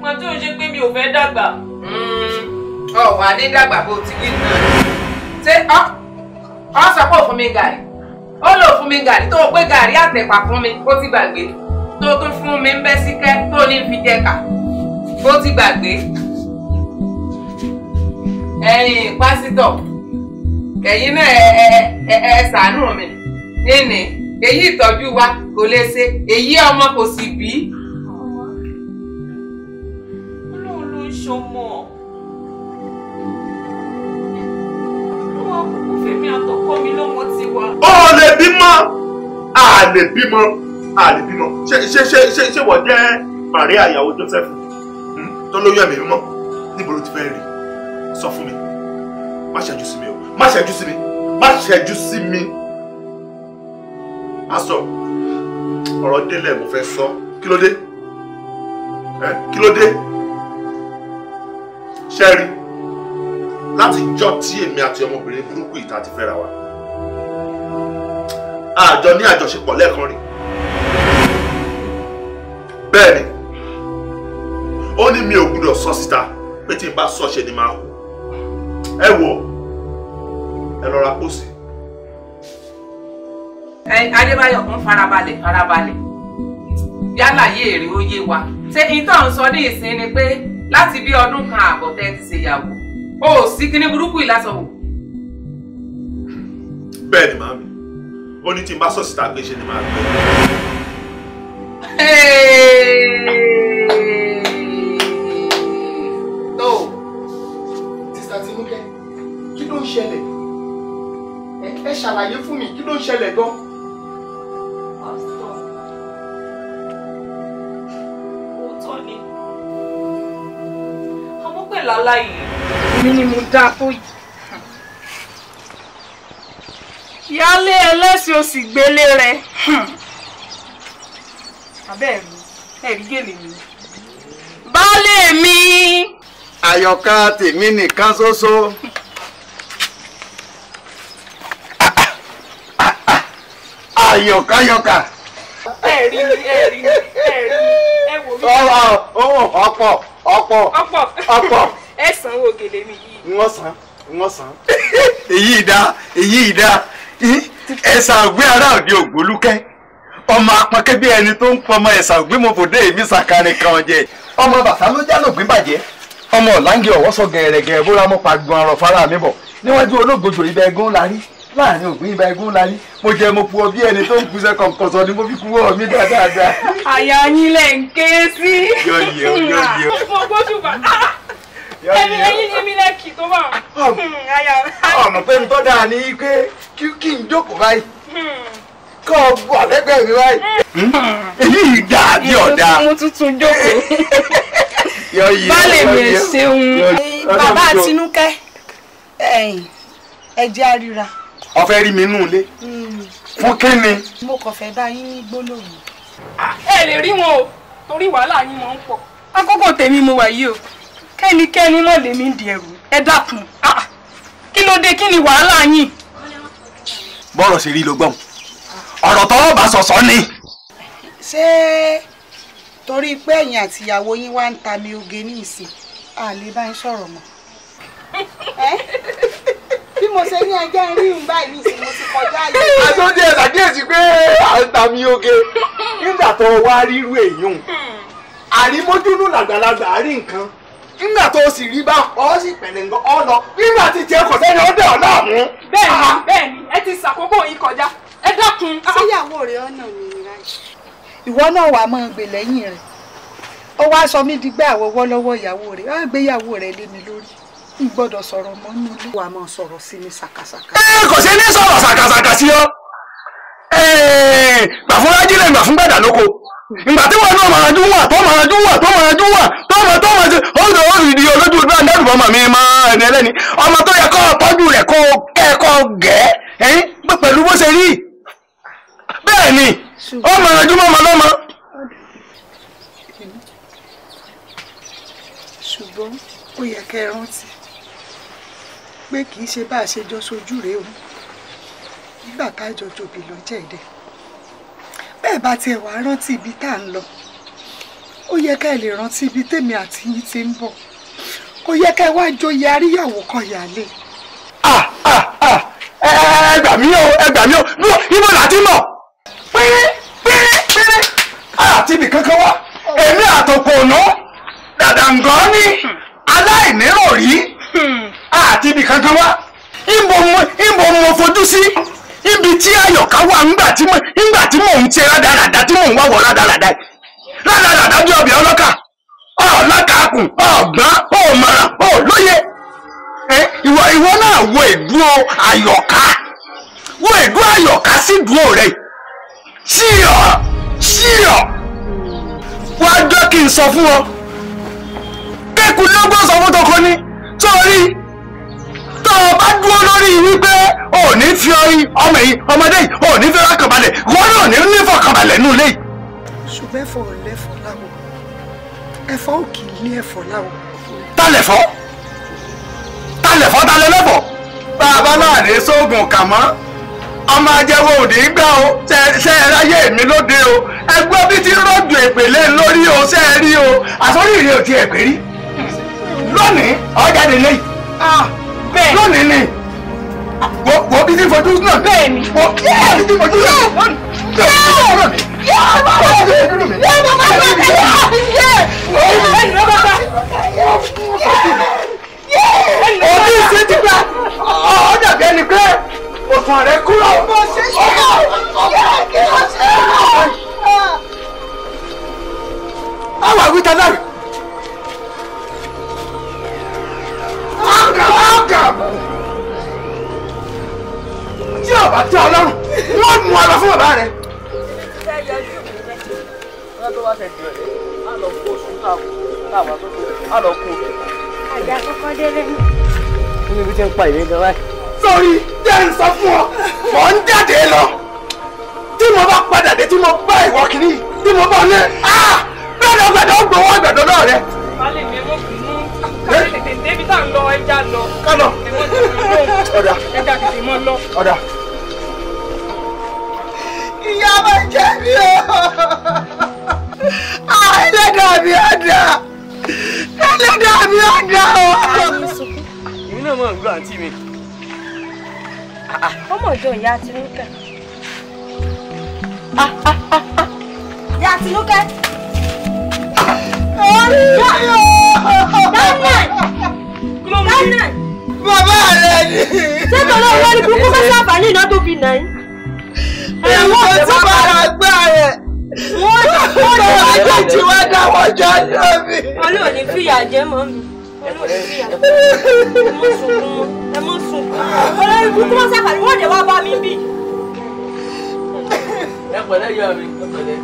màá tó ń ṣe pé mi ò fẹ́ dàgbà. ọ wà ní dàgbà bó ti wí náà ṣé ọ sọ pé òfun mi gàrí ó lò fún mi gàrí tó o gbé gàrí àtẹ̀pà fún mi ó ti gbàgbé tó o tún fún mi ń bẹ́ síkẹ́ tó o ní fi jẹ̀ka ó ti gbàgbé ẹ̀yin pásítọ̀ kẹ̀yin náà ẹ ẹ ẹ ṣàánú mi nínú èyí ìtọ́jú wa kò lè ṣe èyí ọmọ kò sì bí. olóhùn ló ń ṣọmọ olówó àkókò fèmí àtọkọ mi lọmọ ti wá. ó lè bímọ a lè bímọ a lè bímọ ṣé ṣé ṣé ṣé ṣé wọ́n Maria ìyàwó Joseph hmm? tó lóyún ẹ̀mí mímọ́ níbo ló ti fẹ́ rí sọ fún mi má ṣẹ́jú sí mi o má ṣẹ́jú sí mi má ṣẹ́jú sí mi aṣọ ọ̀rọ̀ délẹ̀ mo fẹ́ sọ kí ló dé kí ló dé ṣẹ́rí láti jọ tí èmi àti ọmọbìnrin burúkú ìta ti fẹ́ra wa àjọ ní àjọṣepọ̀ lẹ́ẹ̀kan rí bẹ́ẹ̀ ni ó ní mi ò gbúdọ̀ sọ síta pé tí n bá sọ ṣe ni máa hù ẹ wò ẹ lọ ra pósí adébáyọ̀ kan farabalẹ̀ farabalẹ̀ yálà yé èrè ó yé wa ṣé ìtàn sọ ní ìsìn ni pé láti bí ọdún kan àbọ̀ tẹ́ ti ṣèyàwó o ò sí kíní burúkú ìlàsọ̀wò. bẹ́ẹ̀ ni màámi ó ní tí n bá sọ síta pé ṣe ni màá gbé. tó. sísá tinúkẹ́ kí ló ń ṣẹlẹ̀ ẹ ṣàlàyé fún mi kí ló ń ṣẹlẹ̀ gan-an. wàhálà yìí mi ni mo dá tó yìí. ìyáálé ẹlẹ́sìn òsì gbélé rẹ̀ abẹ́ẹ̀ mi ẹ̀rí gèlè mi. baálé mi. àyọ̀ká tèmi nìkan ṣoṣo. àyọ̀káyọ̀ká. ẹ̀rí ni ẹ̀rí ni ẹ̀rí ni ẹ wò mí. ọ̀pọ̀ ọ̀pọ̀ ọ̀pọ̀ ọ̀pọ̀ ẹ sanwó gèlè mi yìí. wọ́n san wọ́n san. [LAUGHS] èyí ìdá èyí ìdá ẹ̀sà àgbẹ̀ ará òde ògbólúkẹ́ ọmọ apọ̀nkẹ́ bí ẹni tó ń pọ̀ ọmọ ẹ̀sà àgbẹ̀ mọ̀fọ̀dé èmi sàkárẹ̀ kan jẹ. ọmọ bàtà ló já lògbín bàjẹ́ ọmọ ọ̀làǹgẹ̀ ọ̀wọ́sọ gẹ̀rẹ̀gẹ̀rẹ̀ bóra mọ́ pa gan ọ̀rọ̀ fara mi bọ̀ níwájú olóògbòjò ibẹ̀ ẹ̀gún la rí láàrin ògbín ibà igun ńlá ní mo jẹ mo pu ọ bí ẹni tó ń gbúsẹ kọ̀ǹkọ̀sọ ni mo fi kúrò mí dáadáa. àyà yín lẹ̀ ń ké sí. yọ̀yọ̀ yọ̀yọ̀. mo gbójú bàtà ẹni ẹyin ní mi lẹ́kì tó bá hmm, ah, ọ̀nà pé n tó dáa ní pé kí n jókòó báyìí hmm. kọ́ ọ bọ̀ lẹ́gbẹ̀ẹ́ mi báyìí. Hmm. èyí dà bí ọ̀dà. mo tuntun jókòó. [LAUGHS] baálé mi ẹ ṣeun. bàbá àtinúkẹ́ ẹ jẹ́ àríra. ọ̀fẹ́ rí mi nù lé fún kíni. mo kàn fẹ́ bá yín ní gbólóhùn. ẹ lè rí wọn o torí wàhálà yín mọ̀ ń pọ̀. àkókò tèmi mo wà yìí o. kẹ́nikẹ́ni mọ̀ lèmi ń di ẹrù ẹ dákun ah, ah. kí ló dé kí ni wàhálà yín. bọ́rọ̀ ṣe rí ló gbọ́n ọ̀rọ̀ tọ́wọ́ bá sọ̀sọ́ ni. ṣé torí pé ẹ̀yìn àtìyàwó yín wá ń ta mi oge ní ìsìn a lè bá ń sọ̀rọ̀ mọ́ [LAUGHS] bí mo ṣe ní ẹjẹ́ rí ń báyìí ní ìsìn mo ti kọjá yìí. àtúndì ẹ̀ ṣàkíyèsí pé à ń ta mi oge nígbà tó wá rírú èèyàn àrímójúnú làgbàlagbà àrí nǹkan nígbà tó o sì rí bá ọ sì pẹ̀lẹ́ nǹkan ọ lọ nígbà tí tiẹ̀ kò sẹ́ni ó dẹ̀ ọ náà mú. bẹ́ẹ̀ni ah. bẹ́ẹ̀ni ẹ ti ṣàkókò yín kọjá ẹ dákun. síyàwó ah. rẹ ọ̀nà mi ni ráì. ìwọ náà wàá máa gbè lẹ́yìn rẹ̀ ó wáá sọ mí di gbé àwọwọ́ lọ́wọ́ ìyàwó rẹ̀ ó gbéyàwó rẹ̀ lé mi lórí n gbọ́dọ̀ sọ̀rọ̀ mọ́ inú ilé. wàá máa sọ̀rọ̀ sí mi ṣàkàṣàkà. ẹ kò ṣe ní sọ̀rọ̀ ṣàkàṣàkà sí ọ gbà fún rájílẹ̀ gbà fún gbàdà lóko ìgbà tí wọn náà máa dún wà tó máa dún wà tó máa dún wà ọmọ mi mọ ẹni ẹlẹ́ni ọmọ tó yẹ kọ́ tọ́jú rẹ̀ kó kẹ́kọ̀ọ́ gẹ́ ẹ̀yìn pẹ̀lú bó ṣe rí bẹ́ẹ̀ ni ó mọ ẹjú mọ́ ọmọ lọ́mọ. ṣùgbọ́n ó yẹ kẹ́ ẹ rántí pé kì í ṣe bá a ṣe jọ sojú rèé o nígbà tá a jọ jòbì lọ́jẹ̀ dẹ̀ bẹ́ẹ̀ bá tiẹ̀ wá rántí ibi tá à ń lọ ó yẹ ká ẹ lè rántí ibi tèmi àti yín ti ń bọ̀ kò yẹ ká ẹ wá joyè àríyàwó kan yàlẹ. ẹ gbà mí o ẹ gbà mí o lọ ibo láti mọ péré péré péré àti ibì kankan wá èmi àtòkò ònà dàdàǹgàn ni aláìníròrí àti ibì kankan wá ìbò mo fojú sí ibi tí àyọ̀ká wà ńgbà tí mò ń ṣe rádaràdà tí mò ń wá wọ̀ rádaràdà rádaràdà bí ọbẹ̀ ọlọ́kà ọ̀làkàkùn ọ̀gbọ́n ọ̀mọ̀ràn ọ̀lóye ìwọ ìwọ náà wo ìdúró àyọ̀ká wo ìdúró àyọ̀ká sí ìdúró rẹ ṣíọ ṣíọ wá jọ kí n sọ fún ọ kékun lọ́gbọ́n sọ fún tọkọ ni torí tó o bá dúró lórí wípé o ní fi ọmọ yìí ọmọdé yìí o ní fi ọkàn balẹ̀ wọn náà ní ní fọkàn balẹ̀ nù lẹ́yìn. ṣùgbọ́n fọ̀rọ̀ lẹ́fọ̀ ẹ̀fọ́ ò kì í ní ẹ̀fọ́ láwọ̀. ta lẹ̀fọ́ ta lẹ̀fọ́ ta lẹ́lẹ́fọ́ bá a bá láàrin sóògùn kà mọ́ ọmọ ajẹ́wọ́ òdì gbá o ṣe é ráyè mi lóde o ẹgbẹ́ bí ti rọ́jò ìpèlè lórí o ṣe é rí o àsọ́rí ìrìn òtí ẹ̀ pé rí lónìí ọ̀jáde lẹ́yìn ah, lónìí ni wo bí ti fojú náà wo bí ti fojú náà òbí ọ̀gá tí ọba tí ọlọ́run wọ́n mú ọ fún bàbá rẹ̀ tó bá tẹ̀sí rẹ̀ á lọ kó oṣù táwa tó tó á lọ kó. kọ́kọ́ délé. kí ni ibi tí ń pa ìwé gan báyìí. sọ́rí jẹ́ ń sọ fún ọ mọ̀ ń jáde lọ tí mo bá padà dé tí mo bá ìwọ kìíní tí mo bá ní ah, gbẹdọ gbẹdọ gbowó gbẹdọ náà rẹ. balẹ̀ mi mo kì í mú kálí tètè débi tá à ń lọ ẹja lọ. kálọ̀ ẹja tètè mọ́ lọ ọ̀dà ọmọ ìkẹ́mi o ah, ẹlẹ́dàá mi ọ̀dà ẹlẹ́dàá mi ọ̀dà o. èmi náà máa ń gbọ́ àǹtí mi. ọmọ ọjọ́ ìyá Tinúkẹ́. Ah, ah, ìyá Tinúkẹ́. orí yóò. Daniel Daniel. bàbá rẹ ni. ṣé tọ́lá owó ni kúkú fẹ́ sábà ní iná tó fi nà yín èèwọ̀ tí bàrà gbà rẹ̀ wọ́n ti wọ́n ti wá jẹ́jì wá dáwọ́ jọ jọ mi. olóò ní fìyà jẹ mọ́ mi olóò ní fìyà jẹ mọ́ mi ẹ mọ́ sùn olórí kúkú wọn sàkàrí wọ́n dé wá bá mi bì. ẹ pẹ̀lẹ́ yọ mi ẹ pẹ̀lẹ́.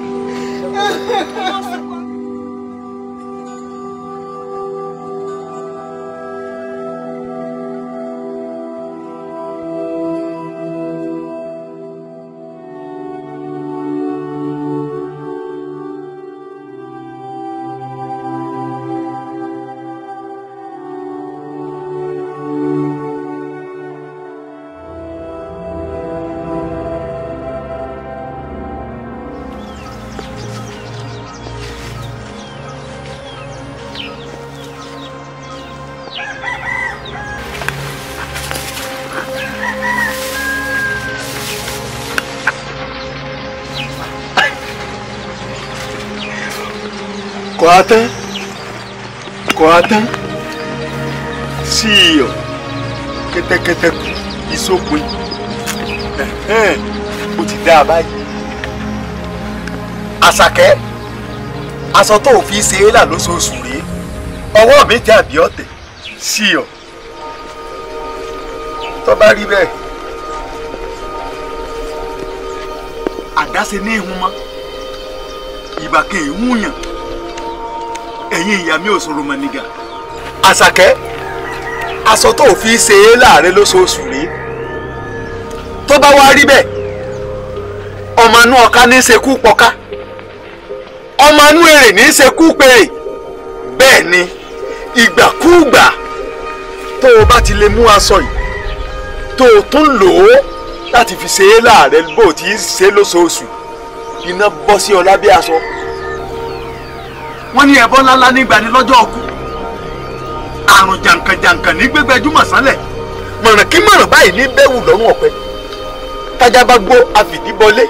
kọ́ á tán kọ́ á tán sí iyọ̀ kẹ́tẹ́kẹ́tẹ́ kú ìsopin ó ti dá a báyìí. àṣàkẹ́ aṣọ tó fi ṣe é là lóṣooṣù rèé ọwọ́ mi tẹ àbí ọ̀tẹ̀ sí iyọ̀ tó bá rí bẹ́ẹ̀ àdáṣe ní ìhun mọ́ ìbàkẹ́ ìhun yàn ẹ̀yin ìyá mi ò sọ̀rọ̀ mọ́ nígà. àṣàkẹ́ aṣọ tó fi ṣe é láàrin lóṣooṣù rí tó bá wá rí bẹ́ẹ̀ ọmọ inú ọ̀ka ní í ṣekú pọ̀ka ọmọ inú èrè ní í ṣekú pèrè bẹ́ẹ̀ ni ìgbàkúùgbà tó o bá ti lè mú aṣọ yìí tó o tún lò ó láti fi ṣe é láàrẹ bó o ti ṣe lóṣooṣù iná bọ́ sí ọ lábẹ́ aṣọ wọ́n ní ẹbọ ńláńlá nígbà ní lọ́jọ́ ọkú àrùn jàǹkànjàǹkàn ní gbẹgbẹjúmọ̀ sánlẹ̀ mọ̀ràn kí mọ̀ràn báyìí ní bẹ́ẹ̀wù lọ́rùn ọ̀pẹ tájà bá gbó àfìdíbọlé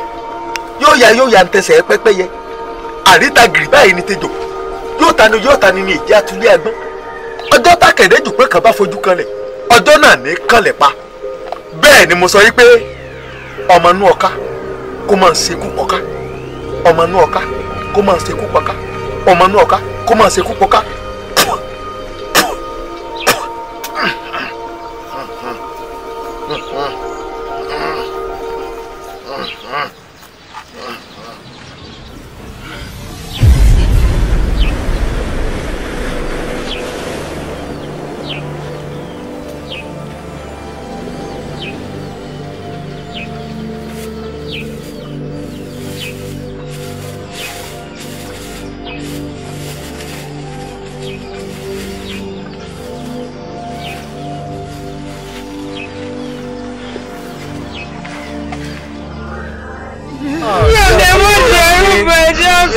yóò ya yóò ya ntẹsẹ̀ pẹ́pẹ́yẹ àríta gìrì báyìí ní tejò yóò ta ni yóò ta ni ní ìjẹ atúlé agbọn ọjọ́ tákẹ̀dẹ́ jù pé kàn fojú kanlẹ̀ ọjọ́ náà ní kanlẹ̀ pa bẹ́ẹ̀ ni mo sọ yí pé ọmọ inú ọ̀ka kó máa ń ṣekú ọ̀ka ọmọ inú ọ̀ka kó máa ń ṣekú ọ̀ka ọmọ inú ọ̀ká kó máa ṣekú pọ̀ká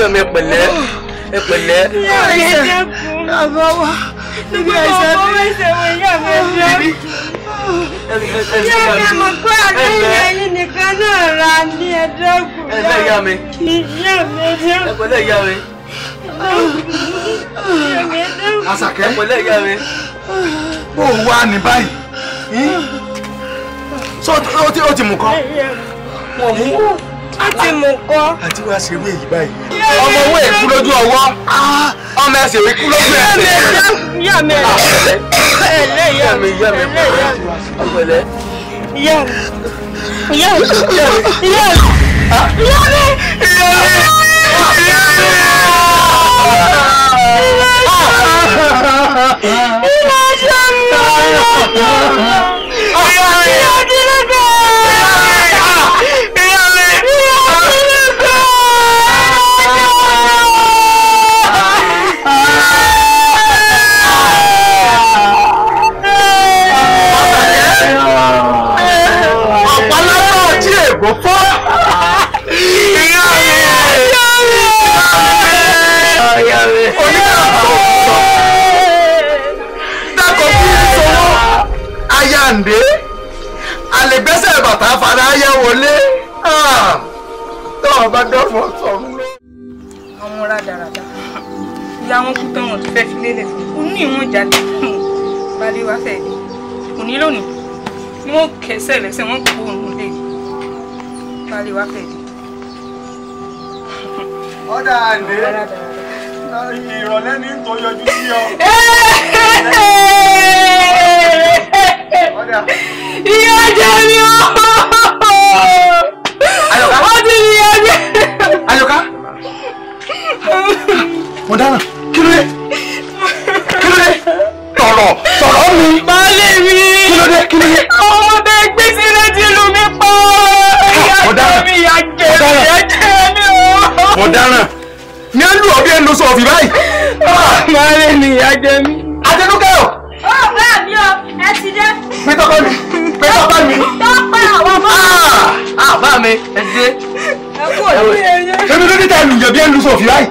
ọmọ ẹ pẹ̀lẹ́ ẹ pẹ̀lẹ́. àbá wa níbi àìsàn mi. ọmọ ẹsẹ̀ wo ìyá mi ẹsẹ̀ mi. yóò fẹ́ mọ̀ pé àdéhùn ẹyin nìkan náà ra ní ẹ̀dọ́gùn. ẹ̀lẹ́ ìyá mi. ìyá mi ẹ̀dọ́gùn. ẹ pẹ̀lẹ́ ìyá mi. Àṣàkẹ́ ẹ pẹ̀lẹ́ ìyá mi. bó o wá ní báyìí. sọ o ti mú kan. wọ́n mú a ti mú kọ́. àti wá ṣe wé yìí báyìí. ọmọ owó èkú lójú ọwọ́ ah! ọmọ ẹsẹ̀ èkú lójú ẹsẹ̀. ìyá mi ẹlẹ́ ìyá mi ìyá mi ah! ẹlẹ́ ìyá mi ọ̀pẹ̀lẹ́. ìyá mi mi ìyá mi mi ìyá mi mi. gbàǹdé àlègbèsè bàtà fara yẹ wọlé tọ́wọ́ bá dọ́fọ̀ sọ̀rọ̀ lọ. àwọn rádaràdà ìyá wọn kú tán wọn tó fẹ́ fi lélẹ̀ fún un ní ìwọ̀n jáde balẹ̀ wá fẹ́ ni òní lónìí ni wọ́n kẹsẹ̀ lẹ́sẹ̀ wọ́n kó òun lé balẹ̀ wá fẹ́ ni. ọ̀dà àndé ìrọ̀lẹ́ ní tó yọjú sí ọ ìyá jẹ mi o Aduh. ti ní ìyá jẹ. Àyọ̀ká mo dáná kí ló dé kí ló dé tọ̀rọ̀ tọ̀rọ̀ mi. baálé mi kí ló dé kí ló dé. àwọn ọmọdé gbé sí létí ìlú mi pọ̀ ìyá jẹ mi ìyá jẹ mi ìyá jẹ mi o. mo dáná ní ẹ lù ọ bí ẹ lọ sọ ọfì báyìí. baálé mi ìyá jẹ mi. Àjẹnúkẹ́ o. ó ẹ ti dé. pé tọ́pá mi pé tọ́pá mi. tọ́pá àwọn ọmọ. a bá mi ẹ dé. ẹ kú òní ẹyẹ. èmi ló ní ta ìlùyàn bí ẹ lu sòfì báyìí.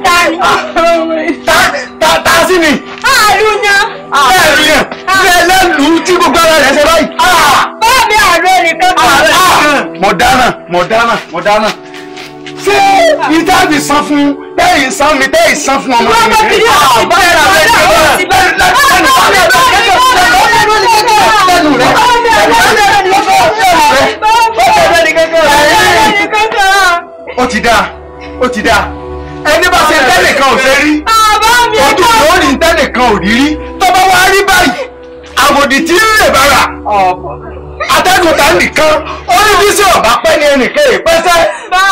ta ni ta ta sí mi. àlùyàn. àlùyàn ilé ẹlẹ́lùú tí gbogbo ara rẹ̀ ṣe báyìí. báàbí àárọ̀ nìkan bá a. mo dáná mo dáná mo dáná ṣé ìtàbí san fún tẹ́yìn san mi tẹ́yìn san fún ọmọ mi. wọ́n bá mi ní àwọn ọ̀bá ẹ̀rọ rẹ̀ ṣe wọ́n ó ti dáa ó ti dáa ẹni bá ṣe tẹ́nìkan ò ṣe rí ọdún lórí tẹ́nìkan ò rí rí tó bá wá rí báyìí àbòdì tí ń lè bára atẹ́gùntà nìkan ó ní bí sí ọ̀bá pẹ́ ní ẹnìkan ìpẹ́sẹ́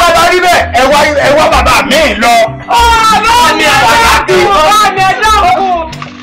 bàbá rí bẹ́ẹ̀ ẹ wá ẹ wá bàbá mi lọ. ọ̀ọ́ bá mi ẹ̀ dákun bá mi ẹ̀ dákun.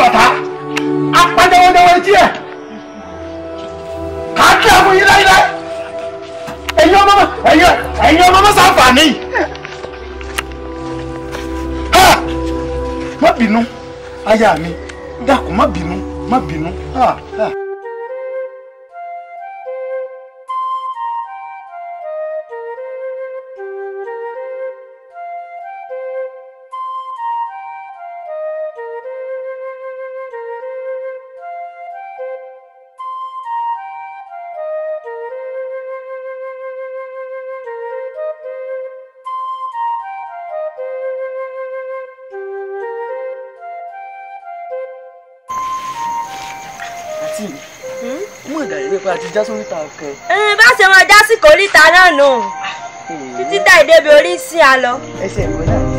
bàtà apanjawọjawọ etí ẹ kà àwọn yín láyíláyí ẹ̀yin ọmọ ẹ̀yin ẹ̀yin ọmọ mọ sáfàní ha má bínú aya mi dákun má bínú má bínú ha ha. pé àti jásóríta kẹ. bá ṣe wọn já sí kòríta náà nù hmm. títí tá ìdébi orí sí a lọ. ẹsẹ̀ ìwé náà ni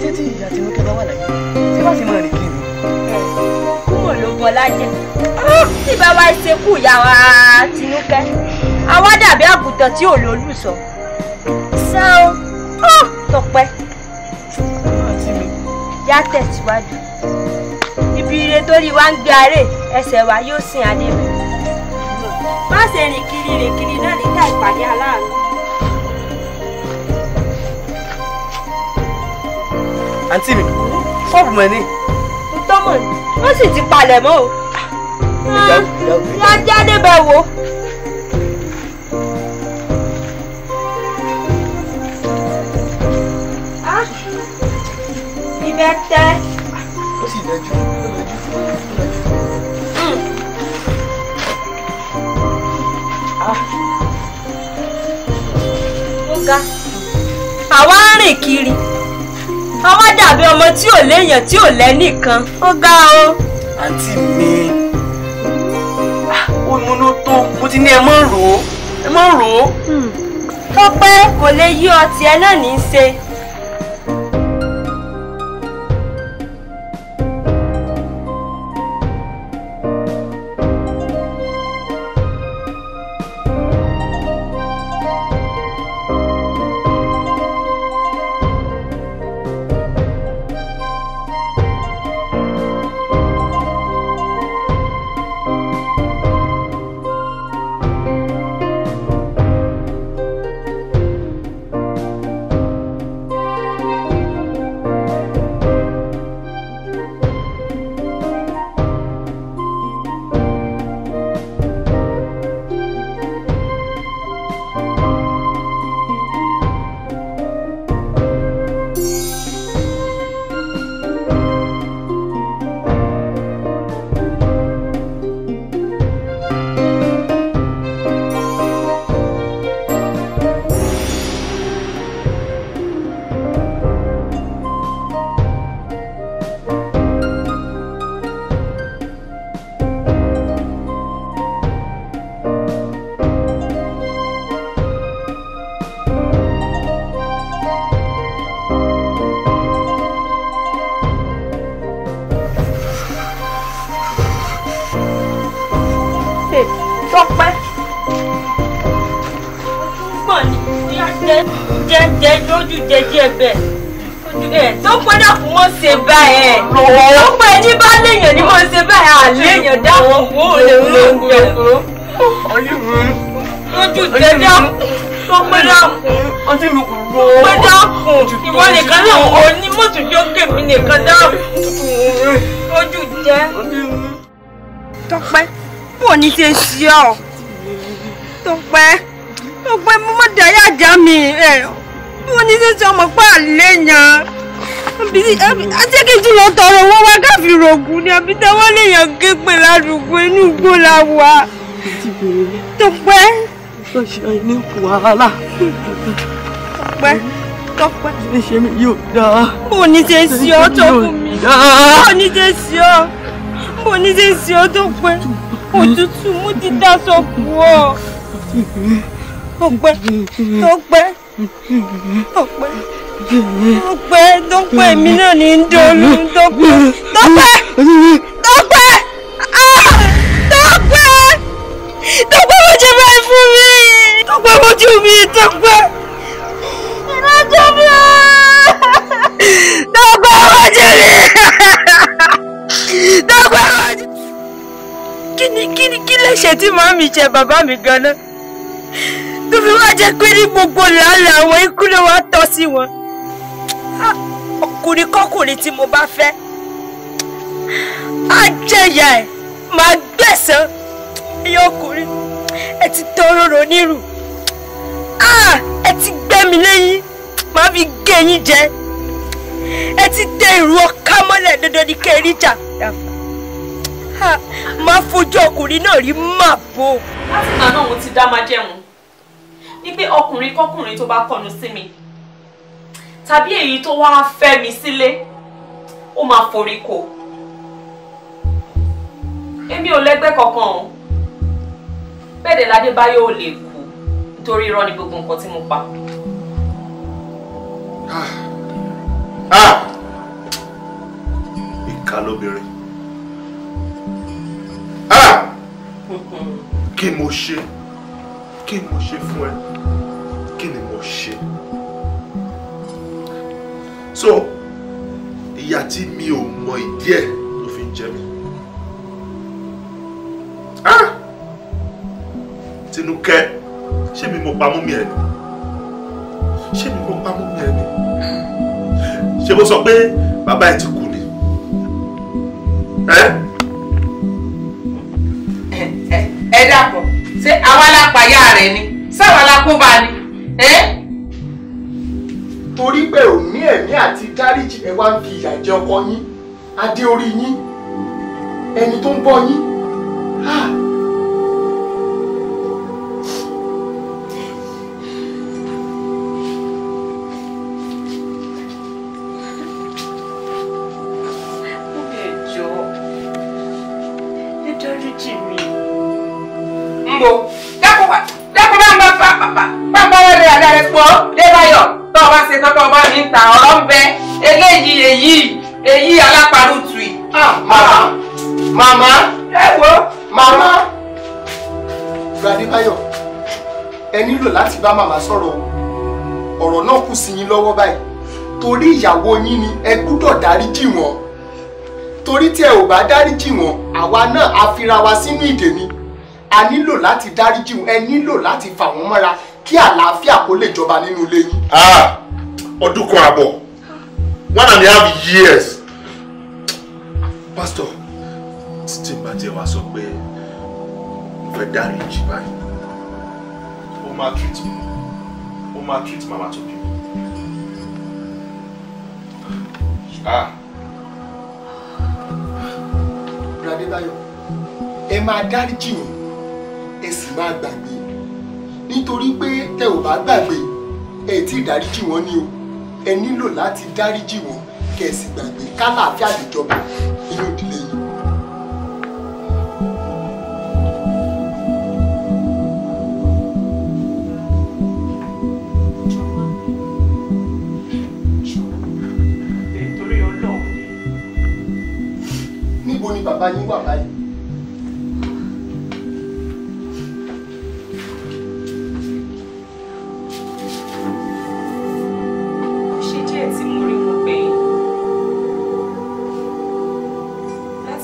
títí ìyá Tinúkẹ́ bá wà láyé tí wọ́n sì máa rìn kiri. kúmọ̀ ló bọ lájẹ ah, tí bàbá ìṣekú ìyá wa Tinúkẹ́ àwa dàbí àgùntàn tí ò lólùsọ. sàn ó tọpẹ́ yá tẹ̀síwájú ibi ire torí wa ń gbé aré ẹsẹ̀ wa yóò sin adébẹ̀ ṣe rìn kiri rìn kiri náà nígbà ìpàdé aláàánú. àǹtí mi ṣọ́ọ̀bù mọ̀ ni. tọ́mọ̀ ni sì ti palẹ̀ mọ́ o. ìyá jáde bẹ́ẹ̀ wo. ọ̀gá àwa ń rìn kiri àwa dàbí ọmọ tí ò léèyàn tí ò lẹ́nìkan ó ga o. àǹtí mi ó ah, mú ló tó mo ti ní ẹ mọ́ rò ó ẹ mọ́ rò ó. Tọ́pẹ́ hmm. kò lè yí ọtí ẹ náà ní í ṣe. jẹ díẹ̀ bẹ́ẹ̀ tó pẹ́ náà fún mọ́ ṣe báyẹn tó pẹ́ ní bá léèyàn ní mọ́ ṣe báyẹn àléèyàn dáhùn fún òde olóńgbò lójú tẹ dáhùn tó pẹ́ dáhùn pẹ́ dáhùn ìwọ nìkan náà onímọ̀tò jókè mi nìkan dáhùn lójú tẹ. tọ́pẹ́ bò ní ṣe ṣe ọ tọ́pẹ́ tọ́pẹ́ mo má dáyà já mi bó ní sísè ọmọ pa àlè yàn àti kí n tọrọ owó wá káfí rògùn ni àbí tẹwọ́ lè yàn ké pè ládùúgbò inú igbó la wà. Tọ́pẹ́. Tọ́ṣà ní wàhálà. Tọ́pẹ́. Tọ́pẹ́. Ṣé ṣe mi yóò dáa? Bó ní ṣe sí ọ tó kù mí? Bó ní ṣe sí ọ? Bó ní ṣe sí ọ Tọ́pẹ́? Òtútù mú ti dá sọ kù ọ. Tọ́pẹ́. Tọ́pẹ́ ọpẹ́ ọpẹ́ tọpẹ́ mi náà ní í dolú tọpẹ́ tọpẹ́ tọpẹ́ tọpẹ́ ah, tọpẹ́ mo jẹ báyìí fún mi tọpẹ́ mo jù mí tọpẹ́ iná jẹ mí mo jẹ mí tọpẹ́ mo jẹ kí ni kí ni kí lè ṣe tí màmí jẹ bàbá mi ganan tó fi wá jẹ́ pé ní gbogbo làálàá àwọn ikú ló wá tọ́ sí wọn. ọkùnrin kọkùnrin tí mo bá fẹ́ á jẹ̀yà ẹ̀ máa gbẹ̀san ẹ̀yọ ọkùnrin ẹ ti tọrọ rò nírù ẹ ti gbẹ̀mí lẹ́yìn máa fi gé yín jẹ ẹ ti tẹ ìrù ọká mọ́lẹ̀ dandan ní kẹrí jà máa fojú ọkùnrin náà rí màbo. láti gbà náà mo ti dá máa jẹun wípé ọkùnrin kọkùnrin tó bá kọnu sí mi tàbí èyí tó wá fẹ́ mi sílé ó máa forí kò èmi ò lẹ́gbẹ́ kankan o bẹ́ẹ̀ dẹ̀ ládébáyọ̀ ò lè kú nítorí irọ́ ni gbogbo nǹkan tí mo pa. Ah! Ah! ìka lóbìnrin ah! [LAUGHS] kí mo ṣe kí mo ṣe fún ẹ ṣe so ìyà tí mi ò mọ ìdí ẹ̀ ló fi ń jẹ mí ah! Tinúkẹ́ ṣé mi mo pamọ́ mi ẹ̀ ni ṣé mi mo pamọ́ mi ẹ̀ ni ṣé mo sọ pé bàbá ẹ̀ ti kú ni eh? ẹ dàpọ̀ ṣé àwa la pàyà rẹ̀ ni sáwa la kó bá ni torí pé ò ní ẹ̀mí àti dáríjì ẹ wá ń fi ìyà jẹ ọkọ yín adé orí yín ẹni tó ń bọ́ yín màmá sọ̀rọ̀ ọ̀rọ̀ náà kù sí yín lọ́wọ́ báyìí torí ìyàwó yín ni ẹ gbúdọ̀ dáríjì wọn torí tí ẹ ò bá dáríjì wọn àwa náà á fira wa sínú ìdè ni a nílò láti dáríjì ẹ nílò láti fà wọ́n mọ́ra kí àlàáfíà kó lè jọba nínú ilé yín. Ah, ọdún kan àbọ̀ one and a half years pastor tí n bá tiẹ̀ wá sọ pé mo fẹ́ dáríjì báyìí máa treat ó máa treat màmá tó bí. Adébáyọ̀ ẹ máa dáríjì wọn ẹ sì máa me. Nitori pé te ò bá gbàgbé ẹ tí ìdáríjì wọn ni o ẹ nílò láti dáríjì wọn kẹ ẹ sì gbàgbé kálàáfíà lè jọba nínú ìdílé. bàbá yín wà báyìí.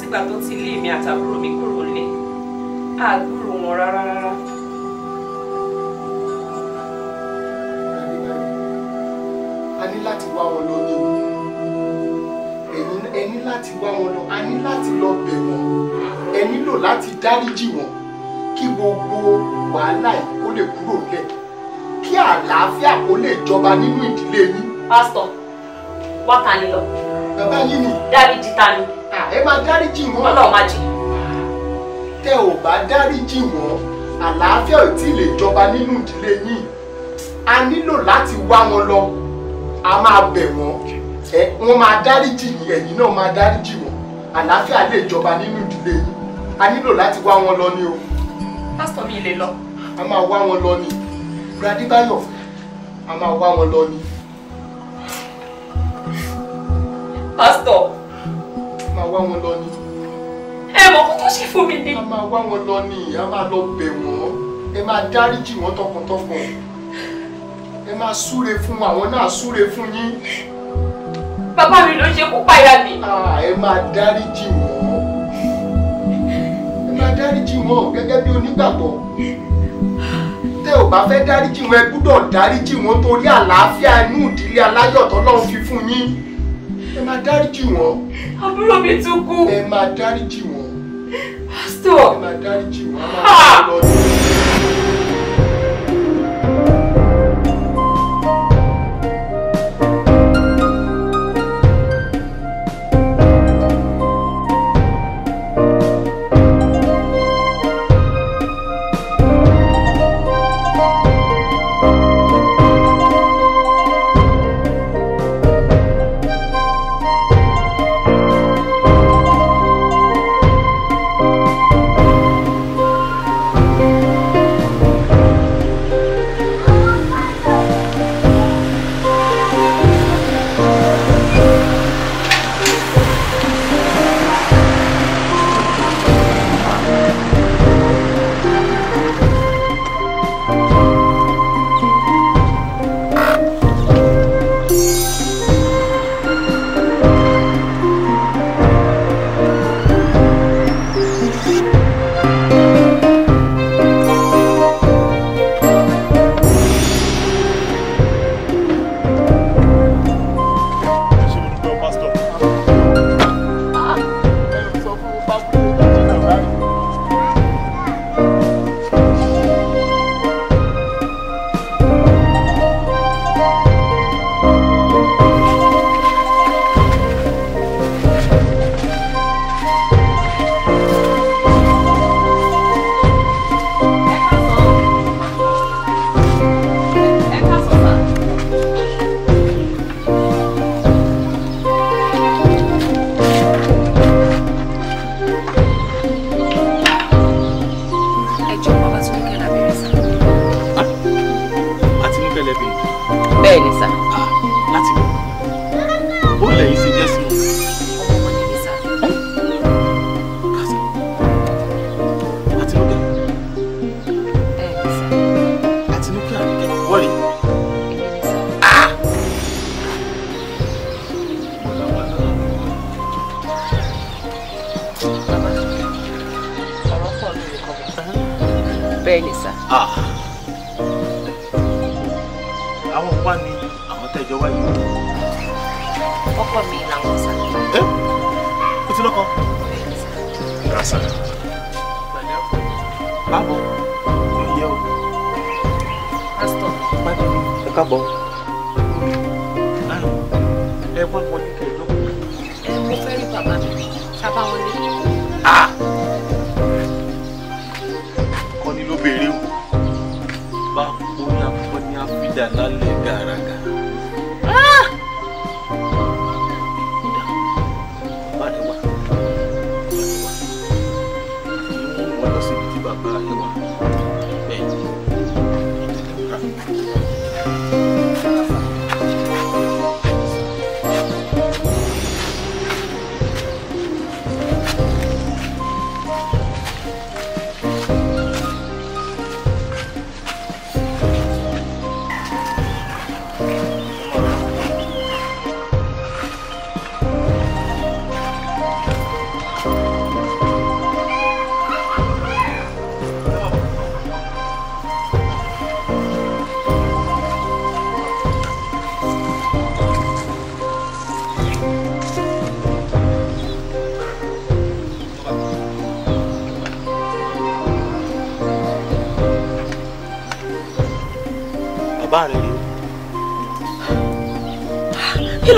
nígbà tó ti lé mi àtàbúrò mi kúrò lé àgbúrò wọn rárá rárá. a ní láti wá wọn lónìí láti wá wọn lọ a ní láti lọ bẹ̀ wọ́n ẹ nílò láti dáríjì wọ́n kí gbogbo wàhálà yìí kó lè kúrò lẹ̀ kí àlàáfíà kó lè jọba nínú ìdílé yín. pásítọ̀ wá ta ni lọ. bàbá yín ni. dáríjì ta ni. ẹ máa dáríjì wọ́n. ọlọ́run máa jì. tẹ ò bá dáríjì wọ́n àlàáfíà ò tí ì lè jọba nínú ìdílé yín a nílò láti wá wọn lọ a máa bẹ̀ wọ́n ẹ wọ́n máa dáríjì yín ẹ̀yin náà máa dáríjì wọn àlàáfíà lè jọba nínú ìdílé yín a nílò láti wá wọn lọ ní o. pásítọ̀ mi lè lọ. a máa wá wọn lọ ní Gbadébáyọ̀ a máa wá wọn lọ ní. pásítọ̀. a máa wá wọn lọ ní. ẹ mọ kó ṣe fún mi ni. a máa wá wọn lọ ní a máa lọ bẹ̀ wọ́n ẹ máa dáríjì wọ́n tọkàntọkàn ẹ máa súre fún àwọn náà súre fún yín bàbá mi ló ṣekú páyà mi. ẹ máa dáríjì wọ́n ẹ máa dáríjì wọ́n gẹ́gẹ́ bí onígbàgbọ́ tẹ́ ò bá fẹ́ dáríjì wọ́n ẹ gbúdọ̀ dáríjì wọ́n torí àlàáfíà inú ìdílé aláyọ̀ tọ́lọ́run fi fún yín ẹ máa dáríjì wọ́n. àbúrò mi tún kú. ẹ máa dáríjì wọ́n. pásítọ̀ ẹ máa dáríjì wọ́n.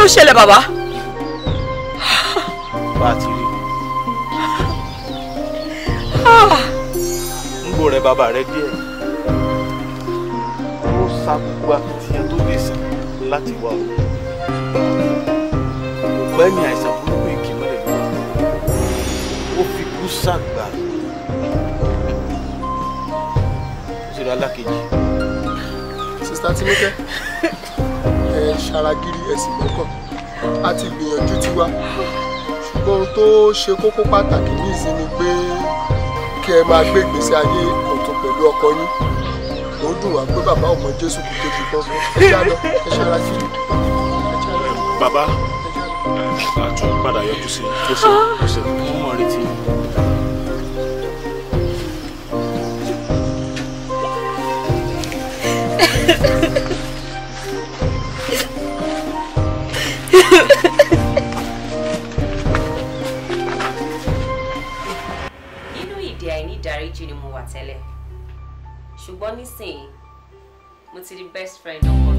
ló ṣẹlẹ̀ bàbá. bá a ti rí n bò rẹ bàbá rẹ díẹ̀ ó sa gbogbo akitiyan tó lè sàn láti wá o kò pẹ́ ní àìsàn burúkú ìkìmọ́lẹ̀ lọ́wọ́ ó fi kú sàgbà ó sì rí alákejì. sista Tinúkẹ́ ń ẹ̀sìn lọ́kàn a ti gbìyànjú tiwa ṣùgbọ́n ohun tó ṣe kókó pàtàkì ní ìsìn ni pé kí ẹ máa gbé ìgbésí ayé ọ̀tún pẹ̀lú ọkọ yín ó dùn wá pé bàbá ọmọ jésù kò tóbi kọ́kọ́ ẹ ṣá lọ ẹ ṣara sí i. bàbá àtún padà yọjú sí tó ṣe tó ṣe mo mọ̀ retí. Ha ha ha. see. What's the best friend